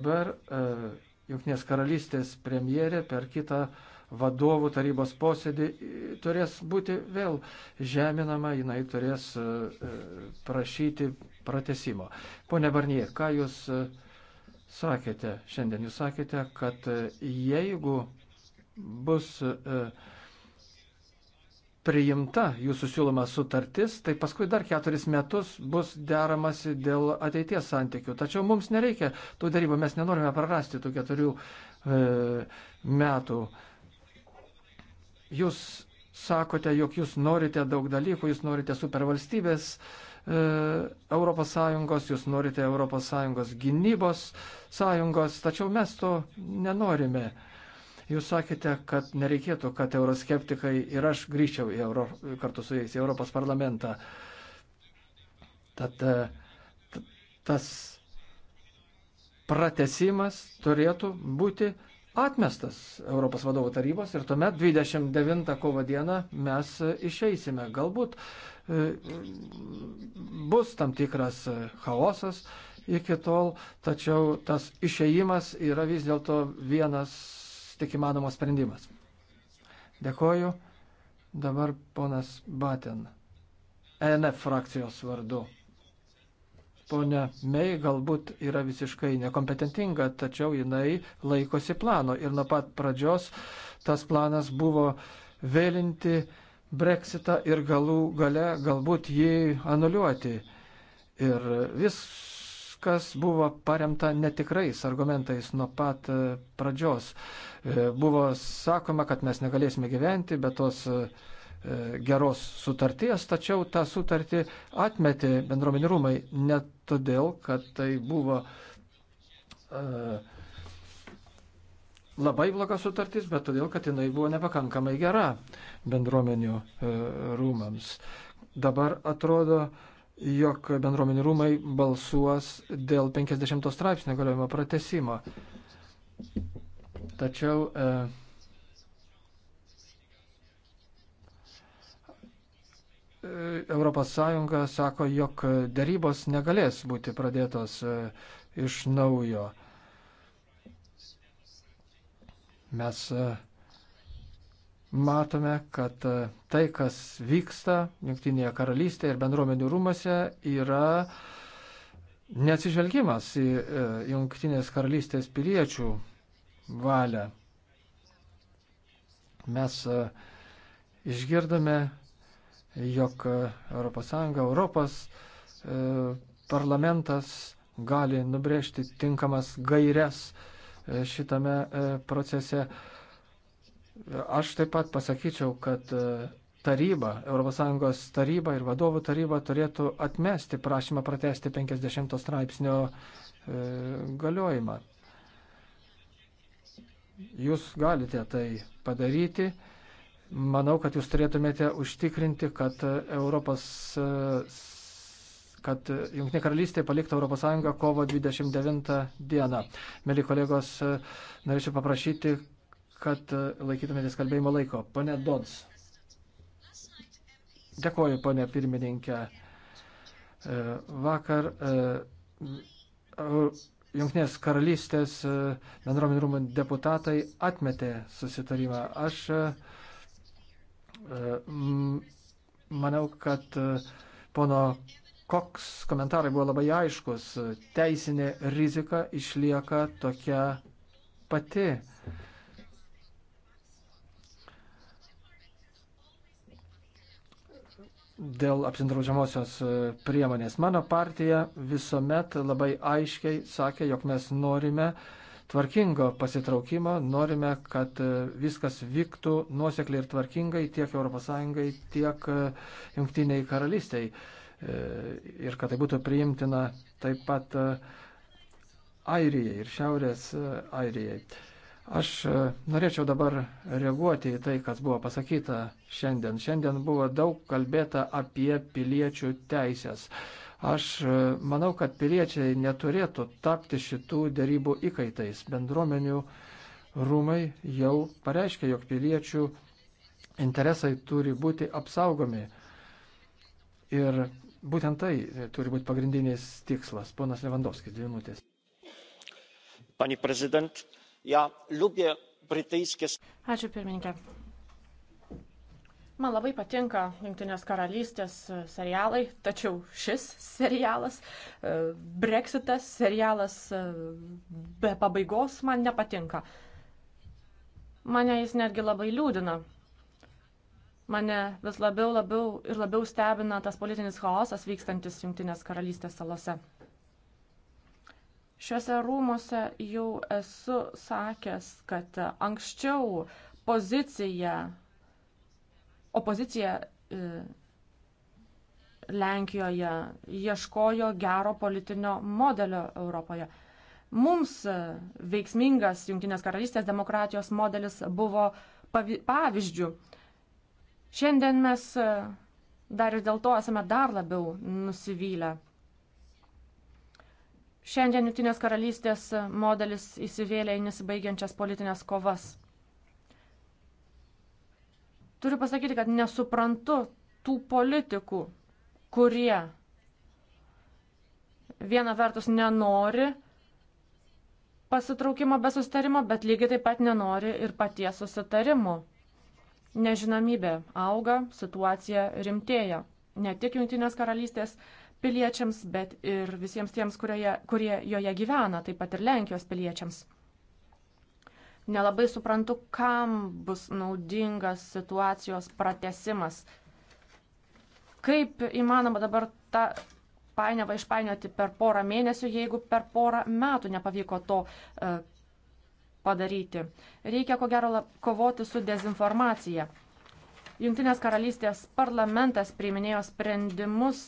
Dabar e, Junknės karalystės premjerė per kitą vadovų tarybos posėdį e, turės būti vėl žeminama, jinai turės e, prašyti pratesimo. Pone Barnie, ką jūs sakėte šiandien? Jūs sakėte, kad jeigu bus uh, priimta jūsų siūloma sutartis, tai paskui dar keturis metus bus deramasi dėl ateities santykių. Tačiau mums nereikia tų darybų, mes nenorime prarasti tų keturių e, metų. Jūs sakote, jog jūs norite daug dalykų, jūs norite supervalstybės e, Europos Sąjungos, jūs norite Europos Sąjungos gynybos sąjungos, tačiau mes to nenorime. E, Jūs sakėte, kad nereikėtų, kad euroskeptikai ir aš grįžčiau į Euro, kartu su jais į Europos parlamentą. Tad e, tas pratesimas turėtų būti atmestas Europos vadovų tarybos ir tuomet 29 kovo dieną mes išeisime. Galbūt e, bus tam tikras chaosas iki tol, tačiau tas išeimas yra vis dėlto vienas tik įmanomas sprendimas. Dėkoju. Dabar ponas Batin, ENF frakcijos vardu. Pone Mei galbūt yra visiškai nekompetentinga, tačiau jinai laikosi plano ir nuo pat pradžios tas planas buvo vėlinti Brexitą ir galų gale galbūt jį anuliuoti. Ir vis viskas buvo paremta netikrais argumentais nuo pat e, pradžios. E, buvo sakoma, kad mes negalėsime gyventi be tos e, geros sutarties, tačiau tą sutartį atmetė bendruomenių rūmai ne todėl, kad tai buvo labai bloga sutartis, bet todėl, kad jinai buvo nepakankamai gera bendruomenių rūmams. Dabar atrodo, jog bendruomenių rūmai balsuos dėl 50 straipsnio galiojimo pratesimo. Tačiau e, Europos Sąjunga sako, jog darybos negalės būti pradėtos e, iš naujo. Mes e, matome, kad e, tai, kas vyksta Junktinėje karalystėje ir bendruomenių rūmose, yra neatsižvelgimas į e, Junktinės karalystės piliečių valią. Mes e, išgirdome, jog ES, Europos parlamentas gali nubrėžti tinkamas gairias šitame procese. Aš taip pat pasakyčiau, kad e, taryba, ES taryba ir vadovų taryba turėtų atmesti prašymą pratesti 50 straipsnio e, galiojimą. Jūs galite tai padaryti. Manau, kad jūs turėtumėte užtikrinti, kad e, Europos kad Junktinė karalystė paliktų ES kovo 29 dieną. Mėly kolegos, norėčiau paprašyti, kad e, laikytumėtės kalbėjimo laiko. Pane Dodds. Dėkoju, pane pirmininkė. E, vakar e, Junknės karalystės bendruomenių rūmų deputatai atmetė susitarimą. Aš manau, kad pono Koks komentarai buvo labai aiškus. Teisinė rizika išlieka tokia pati. Uh, dėl apsindraudžiamosios e, priemonės. Mano partija visuomet labai aiškiai sakė, jog mes norime tvarkingo pasitraukimo, norime, kad e, viskas vyktų nuosekliai ir tvarkingai tiek ES, tiek e, Junktiniai karalystiai. Ir kad tai būtų priimtina taip pat Airijai ir Šiaurės Airijai. Aš e, norėčiau dabar reaguoti į tai, kas buvo pasakyta šiandien. Šiandien buvo daug kalbėta apie piliečių teisės. Aš e, manau, kad piliečiai neturėtų tapti šitų dėrybų įkaitais. Bendruomenių rūmai jau pareiškia, jog piliečių interesai turi būti apsaugomi. Ir būtent tai turi būti pagrindinis tikslas. Ponas Levandovskis, dvi minutės. Pani prezident, Ja lubię brytyjskie. Ačiū pirmininkė. Man labai patinka Junktinės karalystės e, serialai, tačiau šis serialas, e, Brexitas serialas e, be pabaigos man nepatinka. Mane jis netgi labai liūdina. Mane vis labiau, labiau ir labiau stebina tas politinis chaosas vykstantis Junktinės karalystės salose. Šiuose rūmose jau esu sakęs, kad anksčiau pozicija, opozicija e, Lenkijoje ieškojo gero politinio modelio Europoje. Mums veiksmingas Junktinės karalystės demokratijos modelis buvo pavyzdžių. Šiandien mes e, dar ir dėl to esame dar labiau nusivylę. Šiandien Jutinės karalystės modelis įsivėlė į nesibaigiančias politinės kovas. Turiu pasakyti, kad nesuprantu tų politikų, kurie viena vertus nenori pasitraukimo be susitarimo, bet lygiai taip pat nenori ir paties susitarimo. Nežinomybė auga, situacija rimtėja. Ne tik Junktinės karalystės, piliečiams, bet ir visiems tiems, kurioje, kurie joje gyvena, taip pat ir Lenkijos piliečiams. Nelabai suprantu, kam bus naudingas situacijos pratesimas. Kaip įmanoma dabar tą painiavą išpainioti per porą mėnesių, jeigu per porą metų nepavyko to e, padaryti. Reikia, ko gero, kovoti su dezinformacija. Junktinės karalystės parlamentas priiminėjo sprendimus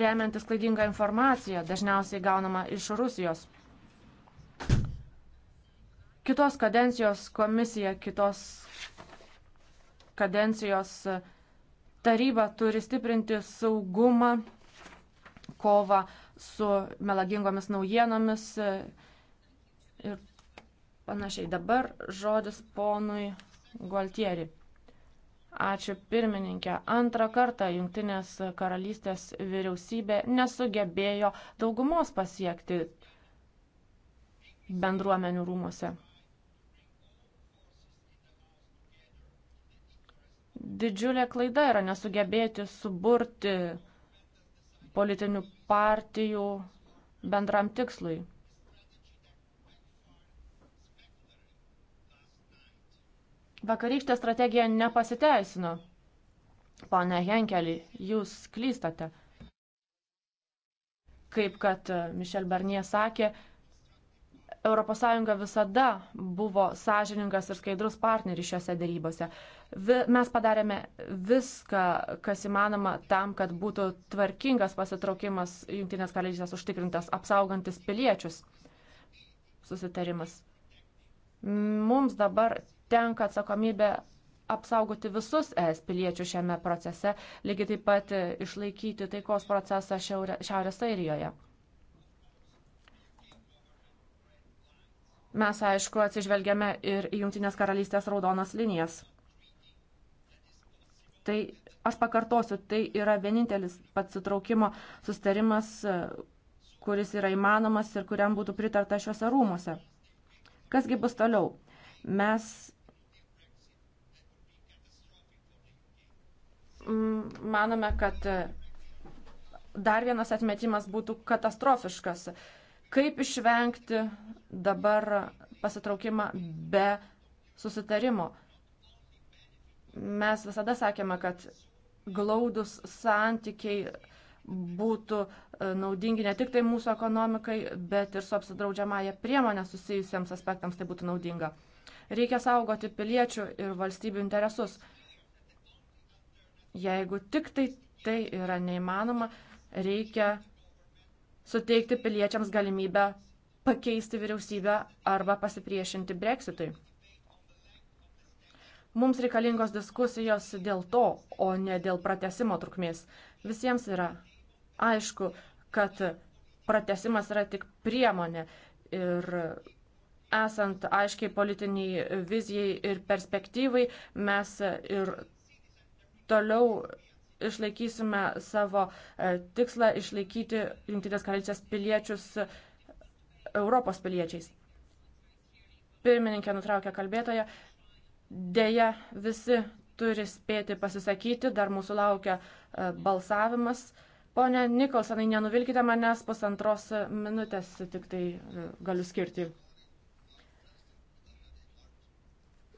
remiantis klaidingą informaciją, dažniausiai gaunama iš Rusijos. Kitos kadencijos komisija, kitos kadencijos taryba turi stiprinti saugumą, kovą su melagingomis naujienomis ir panašiai. Dabar žodis ponui Gualtieri. Ačiū pirmininkė. Antrą kartą Junktinės karalystės vyriausybė nesugebėjo daugumos pasiekti bendruomenių rūmose. Didžiulė klaida yra nesugebėti suburti politinių partijų bendram tikslui. Vakarykštė strategija nepasiteisino. Pone Henkelį, jūs klystate. Kaip kad e, Mišel Barnie sakė, ES visada buvo sąžiningas ir skaidrus partneris šiuose dėrybose. Mes padarėme viską, kas įmanoma tam, kad būtų tvarkingas pasitraukimas Junktinės karalystės užtikrintas, apsaugantis piliečius susitarimas. Mums dabar tenka atsakomybė apsaugoti visus es piliečių šiame procese, lygiai taip pat e, išlaikyti taikos procesą šiaurė, Šiaurės Airijoje. Mes, aišku, atsižvelgiame ir į Junktinės karalystės raudonas linijas. Tai aš pakartosiu, tai yra vienintelis pasitraukimo sustarimas, e, kuris yra įmanomas ir kuriam būtų pritarta šiuose rūmuose. Kasgi bus toliau? Mes Mm, manome, kad e, dar vienas atmetimas būtų katastrofiškas. Kaip išvengti dabar pasitraukimą be susitarimo? Mes visada sakėme, kad glaudus santykiai būtų e, naudingi ne tik tai mūsų ekonomikai, bet ir su apsidraudžiamąją priemonę susijusiems aspektams tai būtų naudinga. Reikia saugoti piliečių ir valstybių interesus. Jeigu tik tai tai yra neįmanoma, reikia suteikti piliečiams galimybę pakeisti vyriausybę arba pasipriešinti breksitui. Mums reikalingos diskusijos dėl to, o ne dėl pratesimo trukmės. Visiems yra aišku, kad pratesimas yra tik priemonė ir esant aiškiai politiniai vizijai ir perspektyvai, mes ir toliau išlaikysime savo e, tikslą išlaikyti Junktinės karalystės piliečius e, Europos piliečiais. Pirmininkė nutraukė kalbėtoją. Deja, visi turi spėti pasisakyti, dar mūsų laukia e, balsavimas. Pone Nikolsonai, nenuvilkite manęs pusantros minutės, tik tai galiu skirti.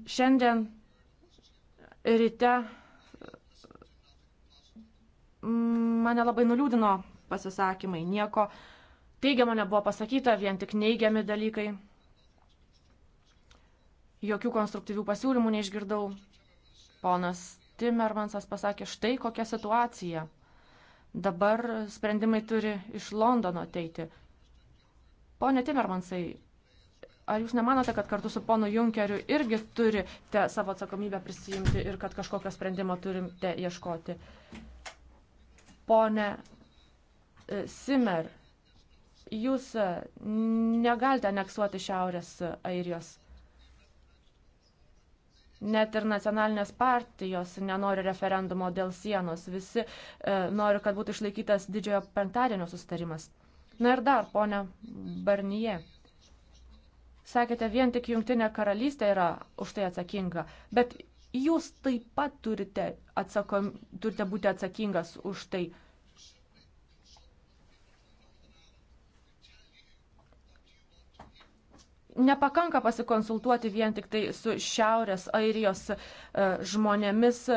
Šiandien ryte mane labai nuliūdino pasisakymai. Nieko teigiamo nebuvo pasakyta, vien tik neigiami dalykai. Jokių konstruktyvių pasiūlymų neišgirdau. Ponas Timmermansas pasakė, štai kokia situacija. Dabar sprendimai turi iš Londono ateiti. Pone Timmermansai, ar jūs nemanote, kad kartu su ponu Junkeriu irgi turite savo atsakomybę prisijimti ir kad kažkokio sprendimo turite ieškoti? Pone e, Simer, jūs e, negalite aneksuoti Šiaurės Airijos. Net ir nacionalinės partijos nenori referendumo dėl sienos. Visi e, nori, kad būtų išlaikytas didžiojo penktadienio sustarimas. Na ir dar, ponia Barnyje. Sakėte, vien tik Jungtinė karalystė yra už tai atsakinga, bet Jūs taip pat turite, atsakom, turite būti atsakingas už tai. nepakanka pasikonsultuoti vien tik tai su Šiaurės Airijos e, žmonėmis, e,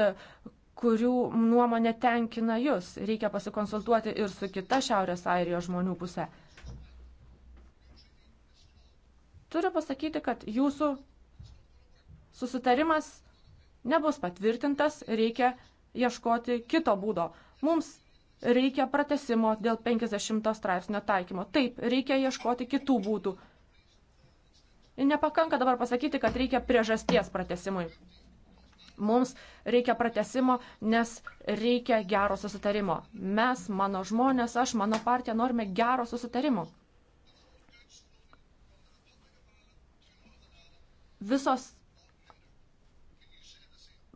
kurių nuomonė tenkina jūs. Reikia pasikonsultuoti ir su kita Šiaurės Airijos žmonių pusė. Turiu pasakyti, kad jūsų susitarimas nebus patvirtintas, reikia ieškoti kito būdo. Mums reikia pratesimo dėl 50 straipsnio taikymo. Taip, reikia ieškoti kitų būdų. Ir nepakanka dabar pasakyti, kad reikia priežasties pratesimui. Mums reikia pratesimo, nes reikia gero susitarimo. Mes, mano žmonės, aš, mano partija norime gero susitarimo. Visos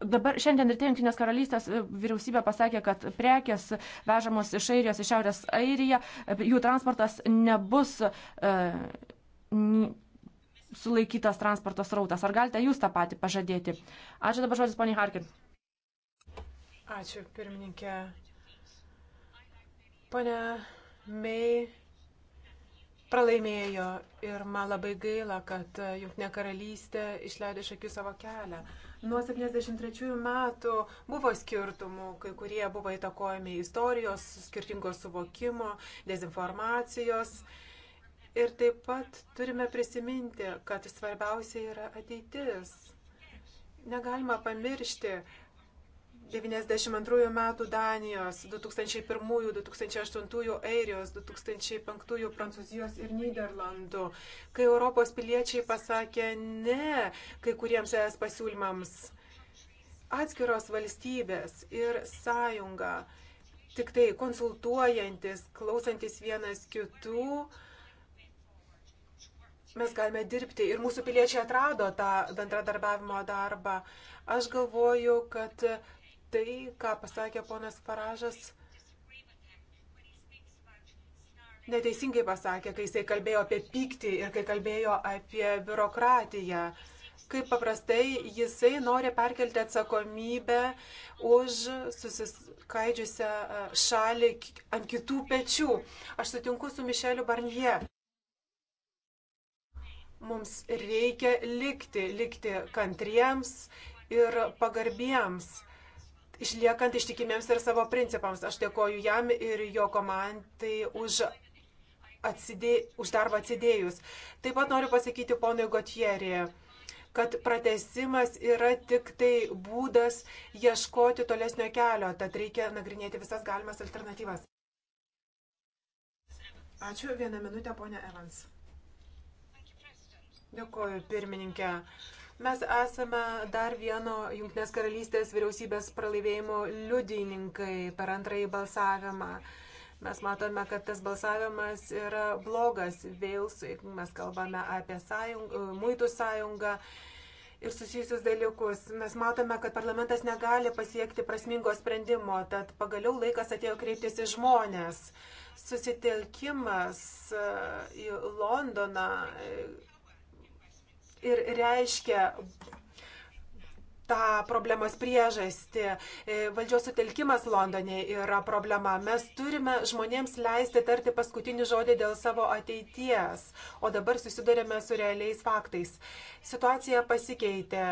Dabar šiandien ryte Junktinės karalystės e, vyriausybė pasakė, kad prekės vežamos iš Airijos į Šiaurės Airiją, e, jų transportas nebus e, sulaikytas transporto srautas. Ar galite jūs tą patį pažadėti? Ačiū dabar žodis, poniai Harkin. Ačiū, pirmininkė. Pane May pralaimėjo ir man labai gaila, kad e, Junktinė karalystė išleido iš akių savo kelią. Nuo 73 metų buvo skirtumų, kai kurie buvo įtakojami istorijos, skirtingo suvokimo, dezinformacijos. Ir taip pat turime prisiminti, kad svarbiausia yra ateitis. Negalima pamiršti, 92 metų Danijos, 2001-2008 Airijos, 2005 Prancūzijos ir Niderlandų, kai Europos piliečiai pasakė ne kai kuriems es pasiūlymams. Atskiros valstybės ir sąjunga, tik tai konsultuojantis, klausantis vienas kitų, mes galime dirbti ir mūsų piliečiai atrado tą bendradarbiavimo darbą. Aš galvoju, kad tai, ką pasakė ponas Faražas, neteisingai pasakė, kai jisai kalbėjo apie pyktį ir kai kalbėjo apie biurokratiją. Kaip paprastai jisai nori perkelti atsakomybę už susiskaidžiusią e, šalį ant kitų pečių. Aš sutinku su Mišeliu Barnie. Mums reikia likti, likti kantriems ir pagarbiems išliekant ištikimiems ir savo principams. Aš dėkoju jam ir jo komandai už, atsidė, už darbą atsidėjus. Taip pat noriu pasakyti ponui Gotjerį kad pratesimas yra tik tai būdas ieškoti tolesnio kelio, tad reikia nagrinėti visas galimas alternatyvas. Ačiū, vieną minutę, ponė Evans. Dėkuoju, pirmininkė. Mes esame dar vieno Junktinės karalystės vyriausybės pralaimėjimo liudininkai per antrąjį balsavimą. Mes matome, kad tas balsavimas yra blogas Vėlsui. Mes kalbame apie sąjung, muitų sąjungą ir susijusius dalykus. Mes matome, kad parlamentas negali pasiekti prasmingo sprendimo, tad pagaliau laikas atėjo kreiptis į žmonės. Susitelkimas e, į Londoną ir reiškia tą problemos priežastį. E, valdžios sutelkimas Londone yra problema. Mes turime žmonėms leisti tarti paskutinį žodį dėl savo ateities, o dabar susidurėme su realiais faktais. Situacija pasikeitė.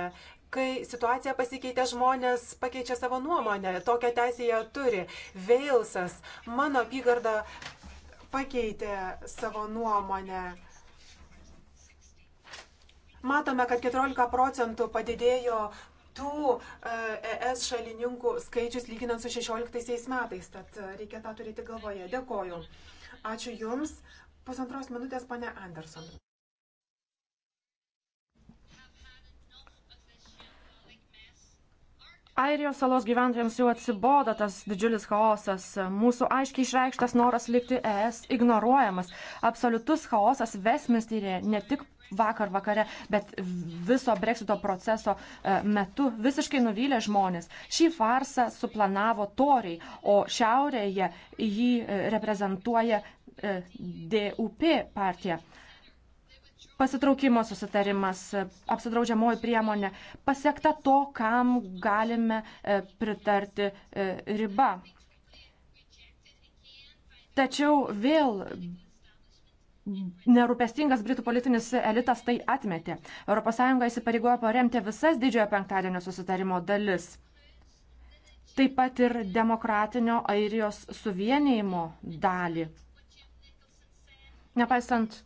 Kai situacija pasikeitė, žmonės pakeičia savo nuomonę. Tokią teisę jie turi. Veilsas, mano apygarda pakeitė savo nuomonę. Matome, kad 14 procentų padidėjo tų ES e šalininkų skaičius lyginant su 16 metais, tad e, reikia tą turėti galvoje. Dėkoju. Ačiū Jums. Pusantros minutės, pane Anderson. Airijos salos gyventojams jau atsiboda tas didžiulis chaosas, mūsų aiškiai išreikštas noras likti ES ignoruojamas. Absoliutus chaosas Westminsterėje ne tik vakar vakare, bet viso breksito proceso e, metu visiškai nuvylė žmonės. Šį farsą suplanavo toriai, o šiaurėje jį e, reprezentuoja e, DUP partija. Pasitraukimo susitarimas, apsidraudžiamoji priemonė, pasiekta to, kam galime pritarti riba. Tačiau vėl nerūpestingas Britų politinis elitas tai atmetė. ES įsipareigojo paremti visas didžiojo penktadienio susitarimo dalis. Taip pat ir demokratinio Airijos suvienijimo dalį. Nepaisant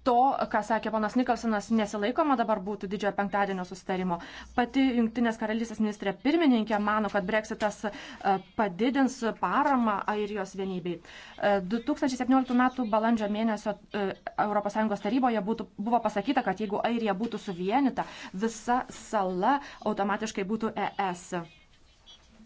to, ką sakė ponas Nikolsonas, nesilaikoma dabar būtų didžiojo penktadienio sustarimo. Pati Junktinės karalystės ministrė pirmininkė mano, kad breksitas e, padidins paramą Airijos vienybei. 2017 e, m. balandžio mėnesio ES taryboje būtų, buvo pasakyta, kad jeigu Airija būtų suvienita, visa sala automatiškai būtų ES.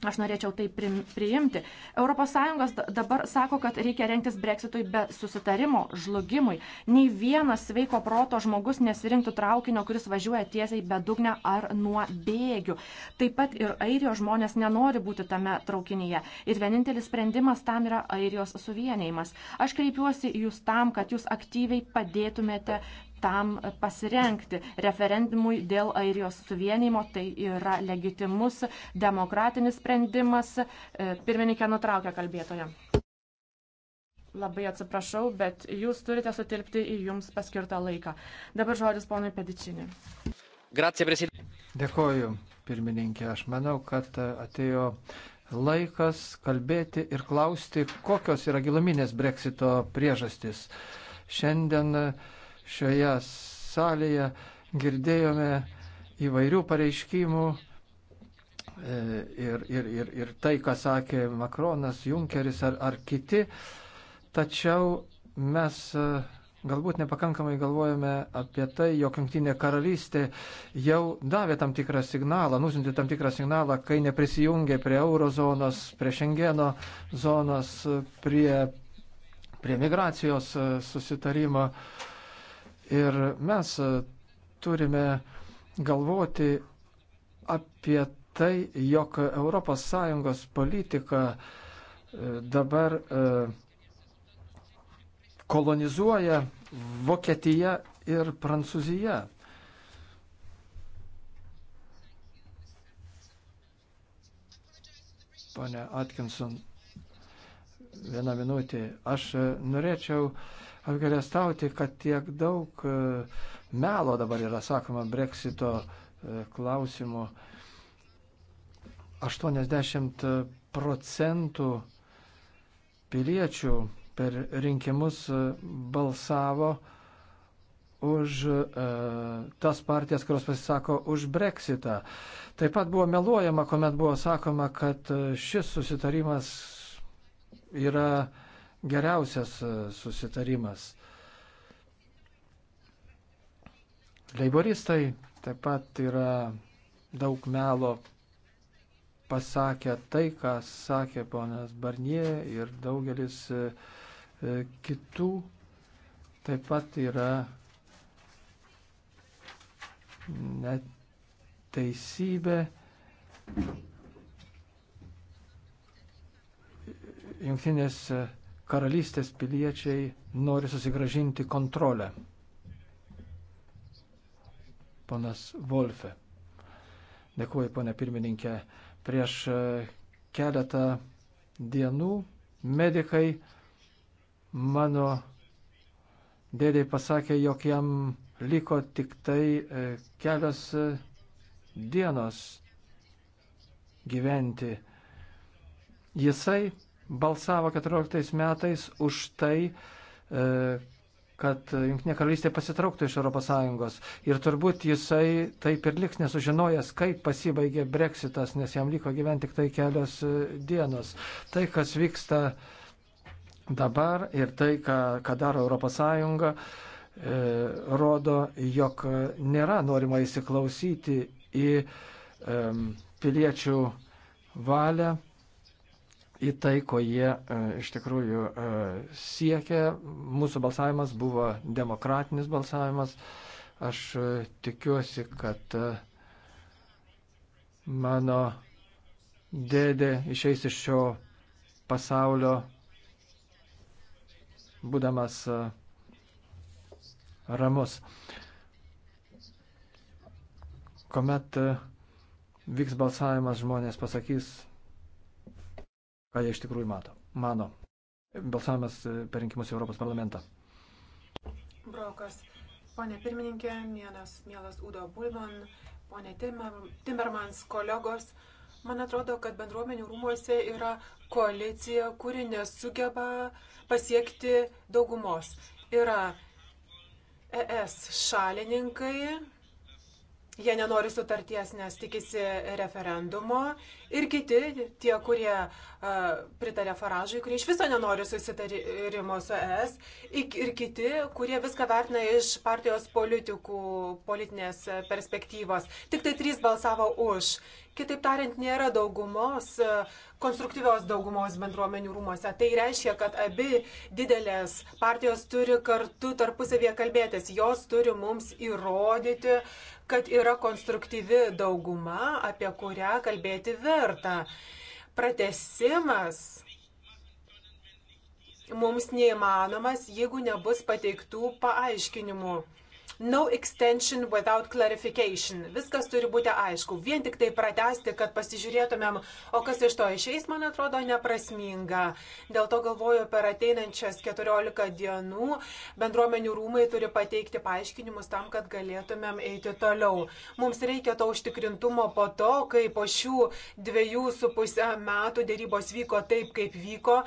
Aš norėčiau tai priimti. ES dabar sako, kad reikia renktis breksitui be susitarimo, žlugimui. Nei vienas sveiko proto žmogus nesirinktų traukinio, kuris važiuoja tiesiai be dugne ar nuo bėgių. Taip pat ir airijos žmonės nenori būti tame traukinyje. Ir vienintelis sprendimas tam yra airijos suvienėjimas. Aš kreipiuosi jūs tam, kad jūs aktyviai padėtumėte tam pasirenkti. Referendumui dėl Airijos suvienimo tai yra legitimus demokratinis sprendimas. E, pirmininkė nutraukė kalbėtoje. Labai atsiprašau, bet jūs turite sutilpti į jums paskirtą laiką. Dabar žodis ponui Pedičinį. Dėkoju, pirmininkė. Aš manau, kad atėjo laikas kalbėti ir klausti, kokios yra giluminės breksito priežastis. Šiandien uh, šioje salėje girdėjome įvairių pareiškimų e, ir, ir, ir, ir tai, ką sakė Makronas, Junkeris ar, ar kiti. Tačiau mes e, galbūt nepakankamai galvojame apie tai, jog Junktinė karalystė jau davė tam tikrą signalą, nusintė tam tikrą signalą, kai neprisijungė prie eurozonos, prie Schengeno zonos, prie, prie migracijos e, susitarimo. Uh, Ir mes e, turime galvoti apie tai, jog ES politika e, dabar e, kolonizuoja Vokietiją ir Prancūziją. Pane Atkinson, vieną minutį. Aš norėčiau apgalėstauti, kad tiek daug e, melo dabar yra sakoma breksito e, klausimu. 80 procentų piliečių per rinkimus e, balsavo už e, tas partijas, kurios pasisako už breksitą. Taip pat buvo meluojama, kuomet buvo sakoma, kad šis susitarimas yra geriausias e, susitarimas. Leiboristai taip pat yra daug melo pasakę tai, ką sakė ponas Barnie ir daugelis e, e, kitų taip pat yra neteisybė. Jungtinės karalystės piliečiai nori susigražinti kontrolę. Ponas Wolfe. Dėkuoju, ponė pirmininkė. Prieš e, keletą dienų medikai mano dėdė pasakė, jog jam liko tik tai e, kelios e, dienos gyventi. Jisai balsavo 14 metais už tai, e, kad Junktinė karalystė pasitrauktų iš ES. Ir turbūt jisai taip ir liks nesužinojęs, kaip pasibaigė breksitas, nes jam liko gyventi tik tai kelios e, dienos. Tai, kas vyksta dabar ir tai, ką, ką daro ES, e, rodo, jog nėra norima įsiklausyti į e, piliečių valią į tai, ko jie e, iš tikrųjų e, siekia. Mūsų balsavimas buvo demokratinis balsavimas. Aš e, tikiuosi, kad mano dėdė išeis iš šio pasaulio, būdamas ramus. Komet vyks balsavimas, žmonės pasakys, ką jie iš tikrųjų mato, mano. Balsavimas e, per rinkimus į Europos parlamentą. Brokas, ponė pirmininkė, mielas, mielas Udo Bulman, ponė Timmer, Timmermans, kolegos. Man atrodo, kad bendruomenių rūmuose yra koalicija, kuri nesugeba pasiekti daugumos. Yra ES šalininkai, Jie nenori sutarties, nes tikisi referendumo. Ir kiti, tie, kurie uh, pritarė Faražui, kurie iš viso nenori susitarimo su ES. Ir kiti, kurie viską vertina iš partijos politikų politinės perspektyvos. Tik tai trys balsavo už. Kitaip tariant, nėra daugumos, e, konstruktyvios daugumos bendruomenių rūmose. Tai reiškia, kad abi didelės partijos turi kartu tarpusavėje kalbėtis. Jos turi mums įrodyti, kad yra konstruktyvi dauguma, apie kurią kalbėti verta. Pratesimas mums neįmanomas, jeigu nebus pateiktų paaiškinimų. No extension without clarification. Viskas turi būti aišku. Vien tik tai pratesti, kad pasižiūrėtumėm, o kas iš to išeis, man atrodo, neprasminga. Dėl to galvoju, per ateinančias 14 dienų bendruomenių rūmai turi pateikti paaiškinimus tam, kad galėtumėm eiti toliau. Mums reikia to užtikrintumo po to, kai po šių dviejų su pusę metų dėrybos vyko taip, kaip vyko,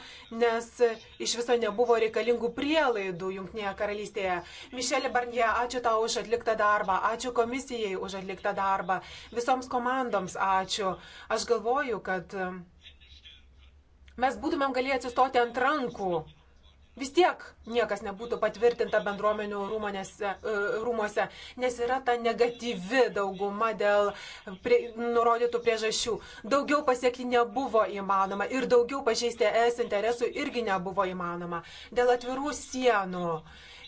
nes iš viso nebuvo reikalingų prielaidų Junktinėje karalystėje. Mišelė Barnie, Ačiū tau už atliktą darbą, ačiū komisijai už atliktą darbą, visoms komandoms ačiū. Aš galvoju, kad um, mes būtumėm galėję atsistoti ant rankų. Vis tiek niekas nebūtų patvirtinta bendruomenių rūmose, e, nes yra ta negatyvi dauguma dėl prie, nurodytų priežasčių. Daugiau pasiekti nebuvo įmanoma ir daugiau pažeisti es interesų irgi nebuvo įmanoma. Dėl atvirų sienų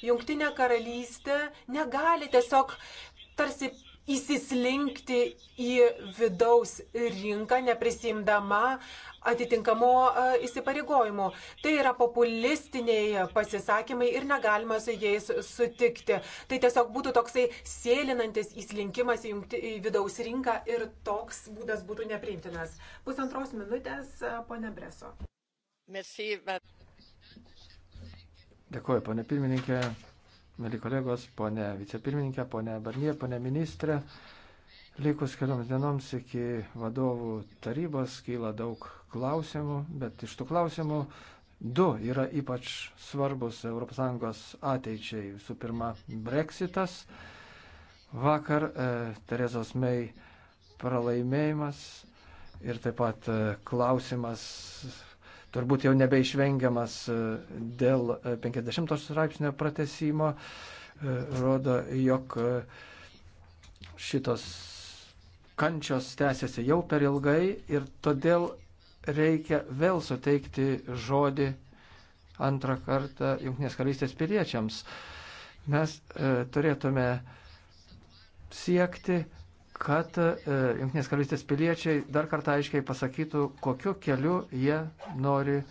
Jungtinė karalystė negali tiesiog tarsi įsislinkti į vidaus rinką, neprisimdama atitinkamų e, įsipareigojimų. Tai yra populistiniai pasisakymai ir negalima su jais sutikti. Tai tiesiog būtų toksai sėlinantis įslinkimas į, jungti, į vidaus rinką ir toks būdas būtų nepriimtinas. Pusantros minutės, e, ponė Breso. Merci, bet... Dėkuoju, ponė pirmininkė, mėly kolegos, ponė vicepirmininkė, ponė Barnie, ponė ministrė. Likus kelioms dienoms iki vadovų tarybos kyla daug klausimų, bet iš tų klausimų du yra ypač svarbus ES ateičiai. Visų pirma, Brexitas. Vakar e, Terezos May pralaimėjimas ir taip pat e, klausimas, turbūt jau nebeišvengiamas e, dėl 50 e, straipsnio pratesimo, e, rodo, jog šitos kančios tęsiasi jau per ilgai ir todėl reikia vėl suteikti žodį antrą kartą Junktinės karalystės piliečiams. Mes e, turėtume siekti, kad e, Junktinės karalystės piliečiai dar kartą aiškiai pasakytų, kokiu keliu jie nori e,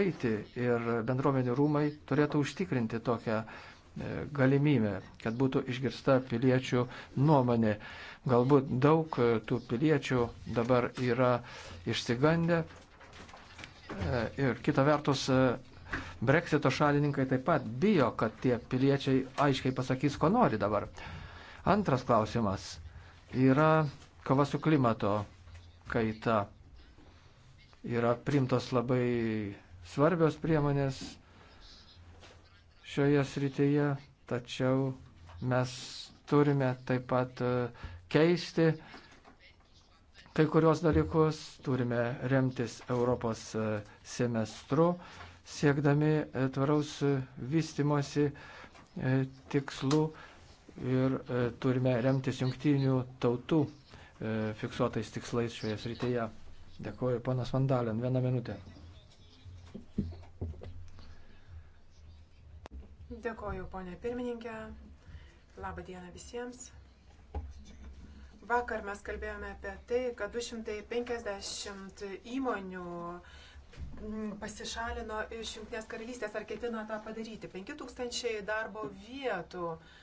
eiti ir bendruomenių rūmai turėtų užtikrinti tokią e, galimybę, kad būtų išgirsta piliečių nuomonė. Galbūt daug tų piliečių dabar yra išsigandę ir kita vertus Brexito šalininkai taip pat bijo, kad tie piliečiai aiškiai pasakys, ko nori dabar. Antras klausimas yra kova su klimato kaita. Yra primtos labai svarbios priemonės šioje srityje, tačiau mes turime taip pat e, keisti kai kurios dalykus, turime remtis Europos e, semestru, siekdami e, tvaraus vystimosi tikslų ir e, turime remtis jungtinių tautų e, fiksuotais tikslais šioje srityje. Dėkuoju, panas Vandalin, vieną minutę. Dėkuoju, ponė pirmininkė. Labą dieną visiems. Vakar mes kalbėjome apie tai, kad 250 įmonių pasišalino iš Junktinės karalystės ar ketina tą padaryti. 5000 darbo vietų uh,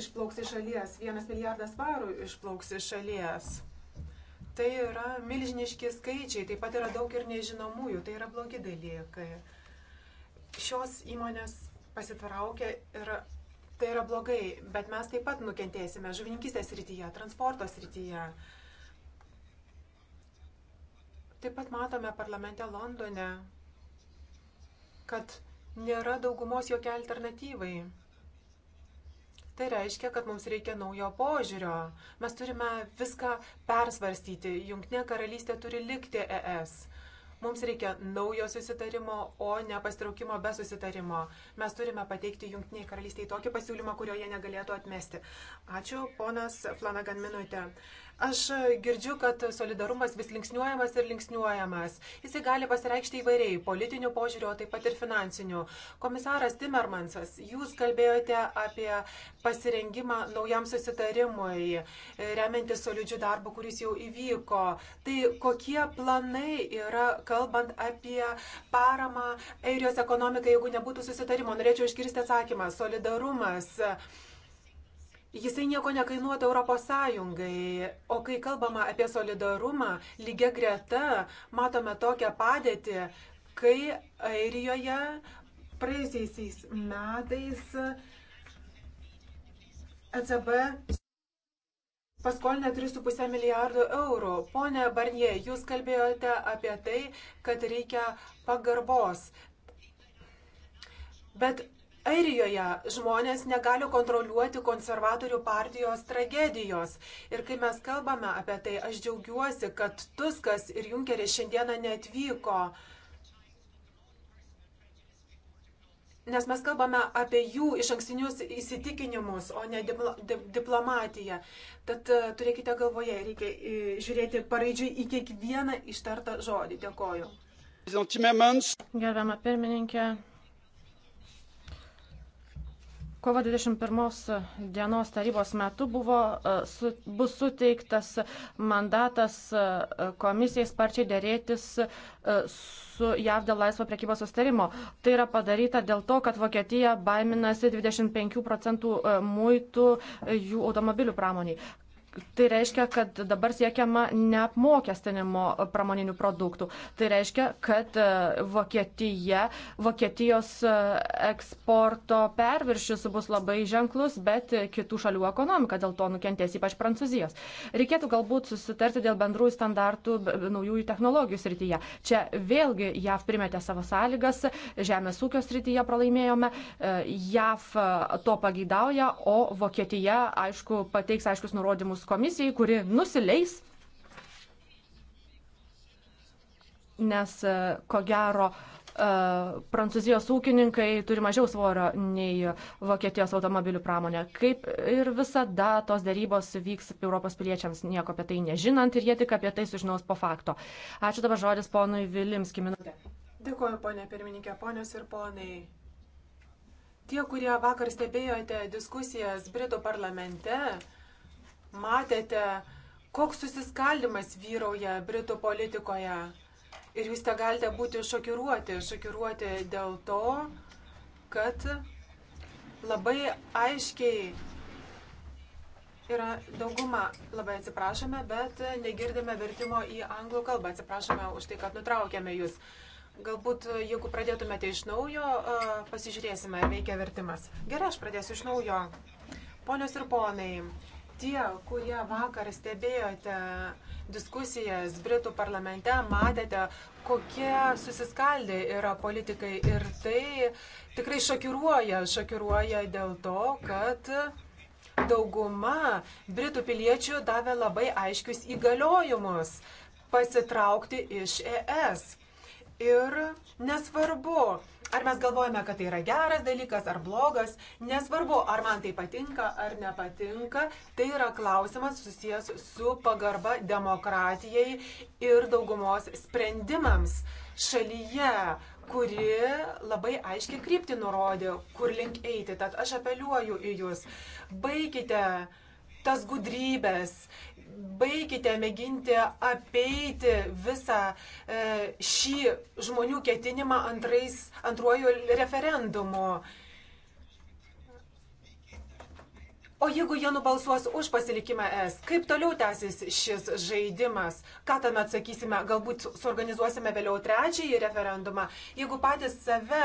išplauks iš šalies, vienas milijardas svarų išplauks iš šalies. Tai yra milžiniški skaičiai, taip pat yra daug ir nežinomųjų, tai yra blogi dalykai. Šios įmonės pasitraukia ir tai yra blogai, bet mes taip pat nukentėsime žuvininkistės rytyje, transporto srityje. Taip pat matome parlamente Londone, kad nėra daugumos jokia alternatyvai. Tai reiškia, kad mums reikia naujo požiūrio. Mes turime viską persvarstyti. Junktinė karalystė turi likti ES. Mums reikia naujo susitarimo, o ne pasitraukimo be susitarimo. Mes turime pateikti Junktiniai karalystiai tokį pasiūlymą, kurio jie negalėtų atmesti. Ačiū, ponas Flanagan Minutė. Aš e, girdžiu, kad solidarumas vis linksniuojamas ir linksniuojamas. Jisai gali pasireikšti įvairiai - politinių požiūrio, taip pat ir finansinių. Komisaras Timmermansas, jūs kalbėjote apie pasirengimą naujam susitarimui, e, remiantis solidžių darbų, kuris jau įvyko. Tai kokie planai yra, kalbant apie paramą airijos ekonomikai, jeigu nebūtų susitarimo? Norėčiau išgirsti atsakymą. Solidarumas. Yes Jisai nieko nekainuotų Europos Sąjungai, o kai kalbama apie solidarumą, lygia greta matome tokią padėtį, kai Airijoje praėjusiais metais ECB paskolinę 3,5 milijardų eurų. Pone Barnie, jūs kalbėjote apie tai, kad reikia pagarbos. Bet Airijoje žmonės negali kontroliuoti konservatorių partijos tragedijos. Ir kai mes kalbame apie tai, aš džiaugiuosi, kad Tuskas ir Junkeris šiandieną netvyko. Nes mes kalbame apie jų iš ankstinius įsitikinimus, o ne diplo, di, diplomatiją. Tad uh, turėkite galvoje, reikia uh, žiūrėti paraidžiui į kiekvieną ištartą žodį. Dėkoju. Gerbiama pirmininkė, Kovo 21 dienos tarybos metu buvo, e, su, bus suteiktas mandatas e, komisijai sparčiai dėrėtis e, su JAV dėl laisvo prekybos sustarimo. Tai yra padaryta dėl to, kad Vokietija baiminasi 25 procentų muitų jų automobilių pramoniai. Tai reiškia, kad dabar siekiama neapmokestinimo pramoninių produktų. Tai reiškia, kad e, Vokietija, Vokietijos e, eksporto perviršis bus labai ženklus, bet e, kitų šalių ekonomika dėl to nukentės, ypač Prancūzijos. Reikėtų galbūt susitarti dėl bendrųjų standartų naujųjų technologijų srityje. Čia vėlgi JAV primetė savo sąlygas, žemės ūkio srityje pralaimėjome, JAV to pageidauja, o Vokietija, aišku, pateiks aiškius nurodymus Europos komisijai, kuri nusileis, nes e, ko gero e, prancūzijos ūkininkai turi mažiau svorio nei Vokietijos automobilių pramonė. Kaip ir visada, tos darybos vyks Europos piliečiams nieko apie tai nežinant ir jie tik apie tai sužinos po fakto. Ačiū dabar žodis ponui Vilimski minutė. Dėkuoju, ponė pirmininkė, ponios ir ponai. Tie, kurie vakar stebėjote diskusijas Britų parlamente, matėte, koks susiskaldimas vyrauja Britų politikoje. Ir jūs te galite būti šokiruoti, šokiruoti dėl to, kad labai aiškiai yra dauguma, labai atsiprašome, bet negirdime vertimo į anglų kalbą. Atsiprašome už tai, kad nutraukėme jūs. Galbūt, jeigu pradėtumėte iš naujo, pasižiūrėsime, ar veikia vertimas. Gerai, aš pradėsiu iš naujo. Ponios ir ponai, Tie, kurie vakar stebėjote diskusijas Britų parlamente, matėte, kokie susiskaldė yra politikai ir tai tikrai šokiruoja. Šokiruoja dėl to, kad dauguma Britų piliečių davė labai aiškius įgaliojimus pasitraukti iš ES. Ir nesvarbu, Ar mes galvojame, kad tai yra geras dalykas ar blogas, nesvarbu, ar man tai patinka ar nepatinka, tai yra klausimas susijęs su pagarba demokratijai ir daugumos sprendimams šalyje kuri labai aiškiai krypti nurodė, kur link eiti. Tad aš apeliuoju į jūs. Baikite tas gudrybės baikite mėginti apeiti visą e, šį žmonių ketinimą antrais, antruoju referendumu. O jeigu jie nubalsuos už pasilikimą es, kaip toliau tęsis šis žaidimas? Ką tam atsakysime? Galbūt suorganizuosime vėliau trečiąjį referendumą. Jeigu patys save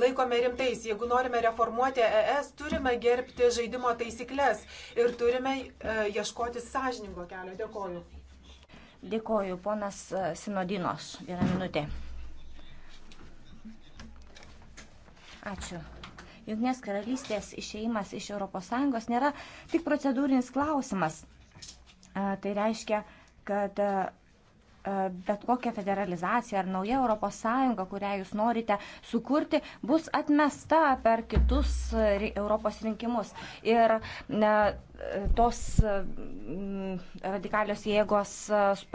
laikome rimtais, jeigu norime reformuoti es, turime gerbti žaidimo taisyklės ir turime e, ieškoti sąžiningo kelio. Dėkoju. Dėkoju, ponas e, Sinodinos. Vieną minutę. Ačiū. Junknės karalystės išeimas iš ES nėra tik procedūrinis klausimas. Tai reiškia, kad bet kokia federalizacija ar nauja Europos Sąjunga, kurią jūs norite sukurti, bus atmesta per kitus Europos rinkimus. Ir ne, tos radikalios jėgos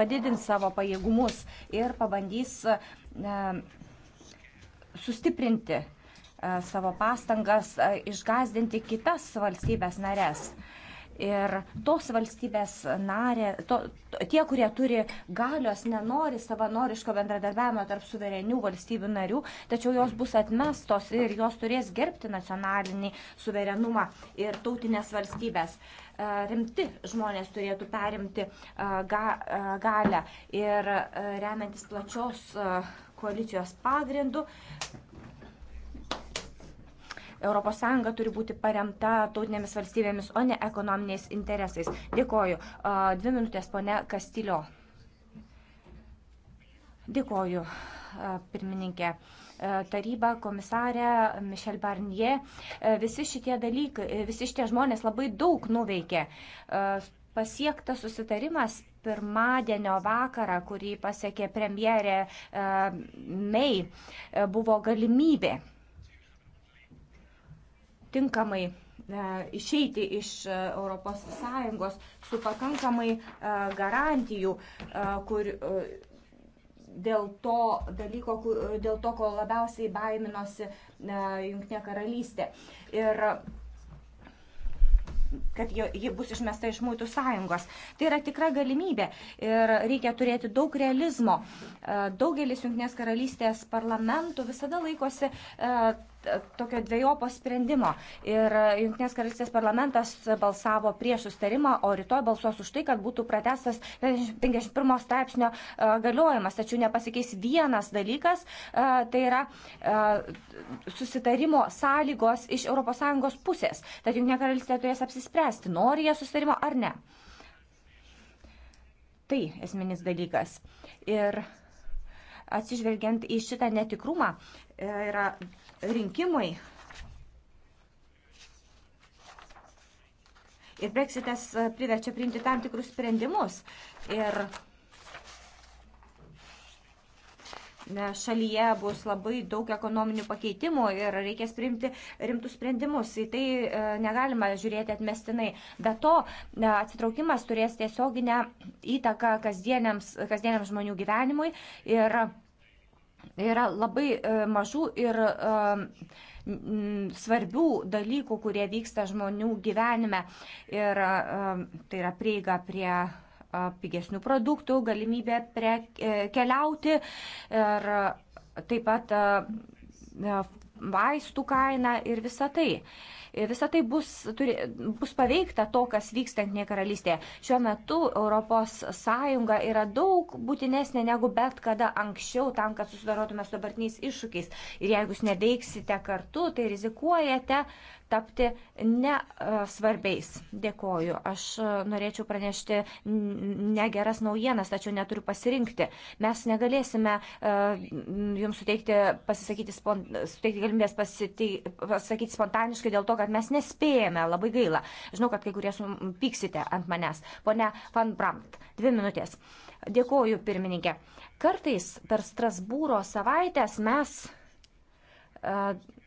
padidins savo pajėgumus ir pabandys ne, sustiprinti E, savo pastangas e, išgazdinti kitas valstybės narės. Ir tos valstybės narė, to, tie, kurie turi galios, nenori savanoriško bendradarbiavimo tarp suverenių valstybių narių, tačiau jos bus atmestos ir jos turės gerbti nacionalinį suverenumą ir tautinės valstybės. E, rimti žmonės turėtų perimti ga, galę ir remiantis plačios koalicijos pagrindu ES turi būti paremta tautinėmis valstybėmis, o ne ekonominiais interesais. Dėkoju. Dvi minutės, pone Kastilio. Dėkoju, pirmininkė taryba, komisarė, Michel Barnier. Visi šitie dalykai, visi šitie žmonės labai daug nuveikė. Pasiektas susitarimas pirmadienio vakarą, kurį pasiekė premjerė May, buvo galimybė tinkamai e, išeiti iš ES su pakankamai e, garantijų, e, kur dėl to dalyko, dėl to, ko labiausiai baiminosi Junktinė karalystė. Ir kad ji bus išmesta iš Mūtų sąjungos. Tai yra tikra galimybė ir reikia turėti daug realizmo. Daugelis Junktinės karalystės parlamentų visada laikosi tokio dviejopo sprendimo. Ir Junktinės karalystės parlamentas balsavo prieš sustarimą, o rytoj balsuos už tai, kad būtų pratestas 51 straipsnio e, galiojimas. Tačiau nepasikeis vienas dalykas, e, tai yra e, susitarimo sąlygos iš ES pusės. Tad Junktinė karalystė turės apsispręsti, nori jie sustarimo ar ne. Tai esminis dalykas. Ir atsižvelgiant į šitą netikrumą, uh, E, yra rinkimai. Ir Brexitas e, priverčia priimti tam tikrus sprendimus. Ir šalyje bus labai daug ekonominių pakeitimų ir reikės priimti rimtus sprendimus. Į tai e, negalima žiūrėti atmestinai. Be to, atsitraukimas turės tiesioginę įtaką kasdieniams, kasdieniams žmonių gyvenimui ir Tai yra labai e, mažų ir e, svarbių dalykų, kurie vyksta žmonių gyvenime. Ir e, tai yra prieiga prie pigesnių produktų, galimybė prie, keliauti ir taip pat vaistų kaina ir visa tai. Visa tai bus, turi, bus paveikta to, kas vyksta Junktinėje karalystėje. Šiuo metu ES yra daug būtinesnė negu bet kada anksčiau tam, kad susidarotume su dabartiniais iššūkiais. Ir jeigu jūs neveiksite kartu, tai rizikuojate, tapti nesvarbiais. E, Dėkoju. Aš e, norėčiau pranešti negeras naujienas, tačiau neturiu pasirinkti. Mes negalėsime e, jums suteikti, pasisakyti, suteikti galimybės pasisakyti spontaniškai dėl to, kad mes nespėjame. Labai gaila. Žinau, kad kai kurie pyksite ant manęs. Pone Van Brandt, dvi minutės. Dėkoju, pirmininkė. Kartais per Strasbūro savaitės mes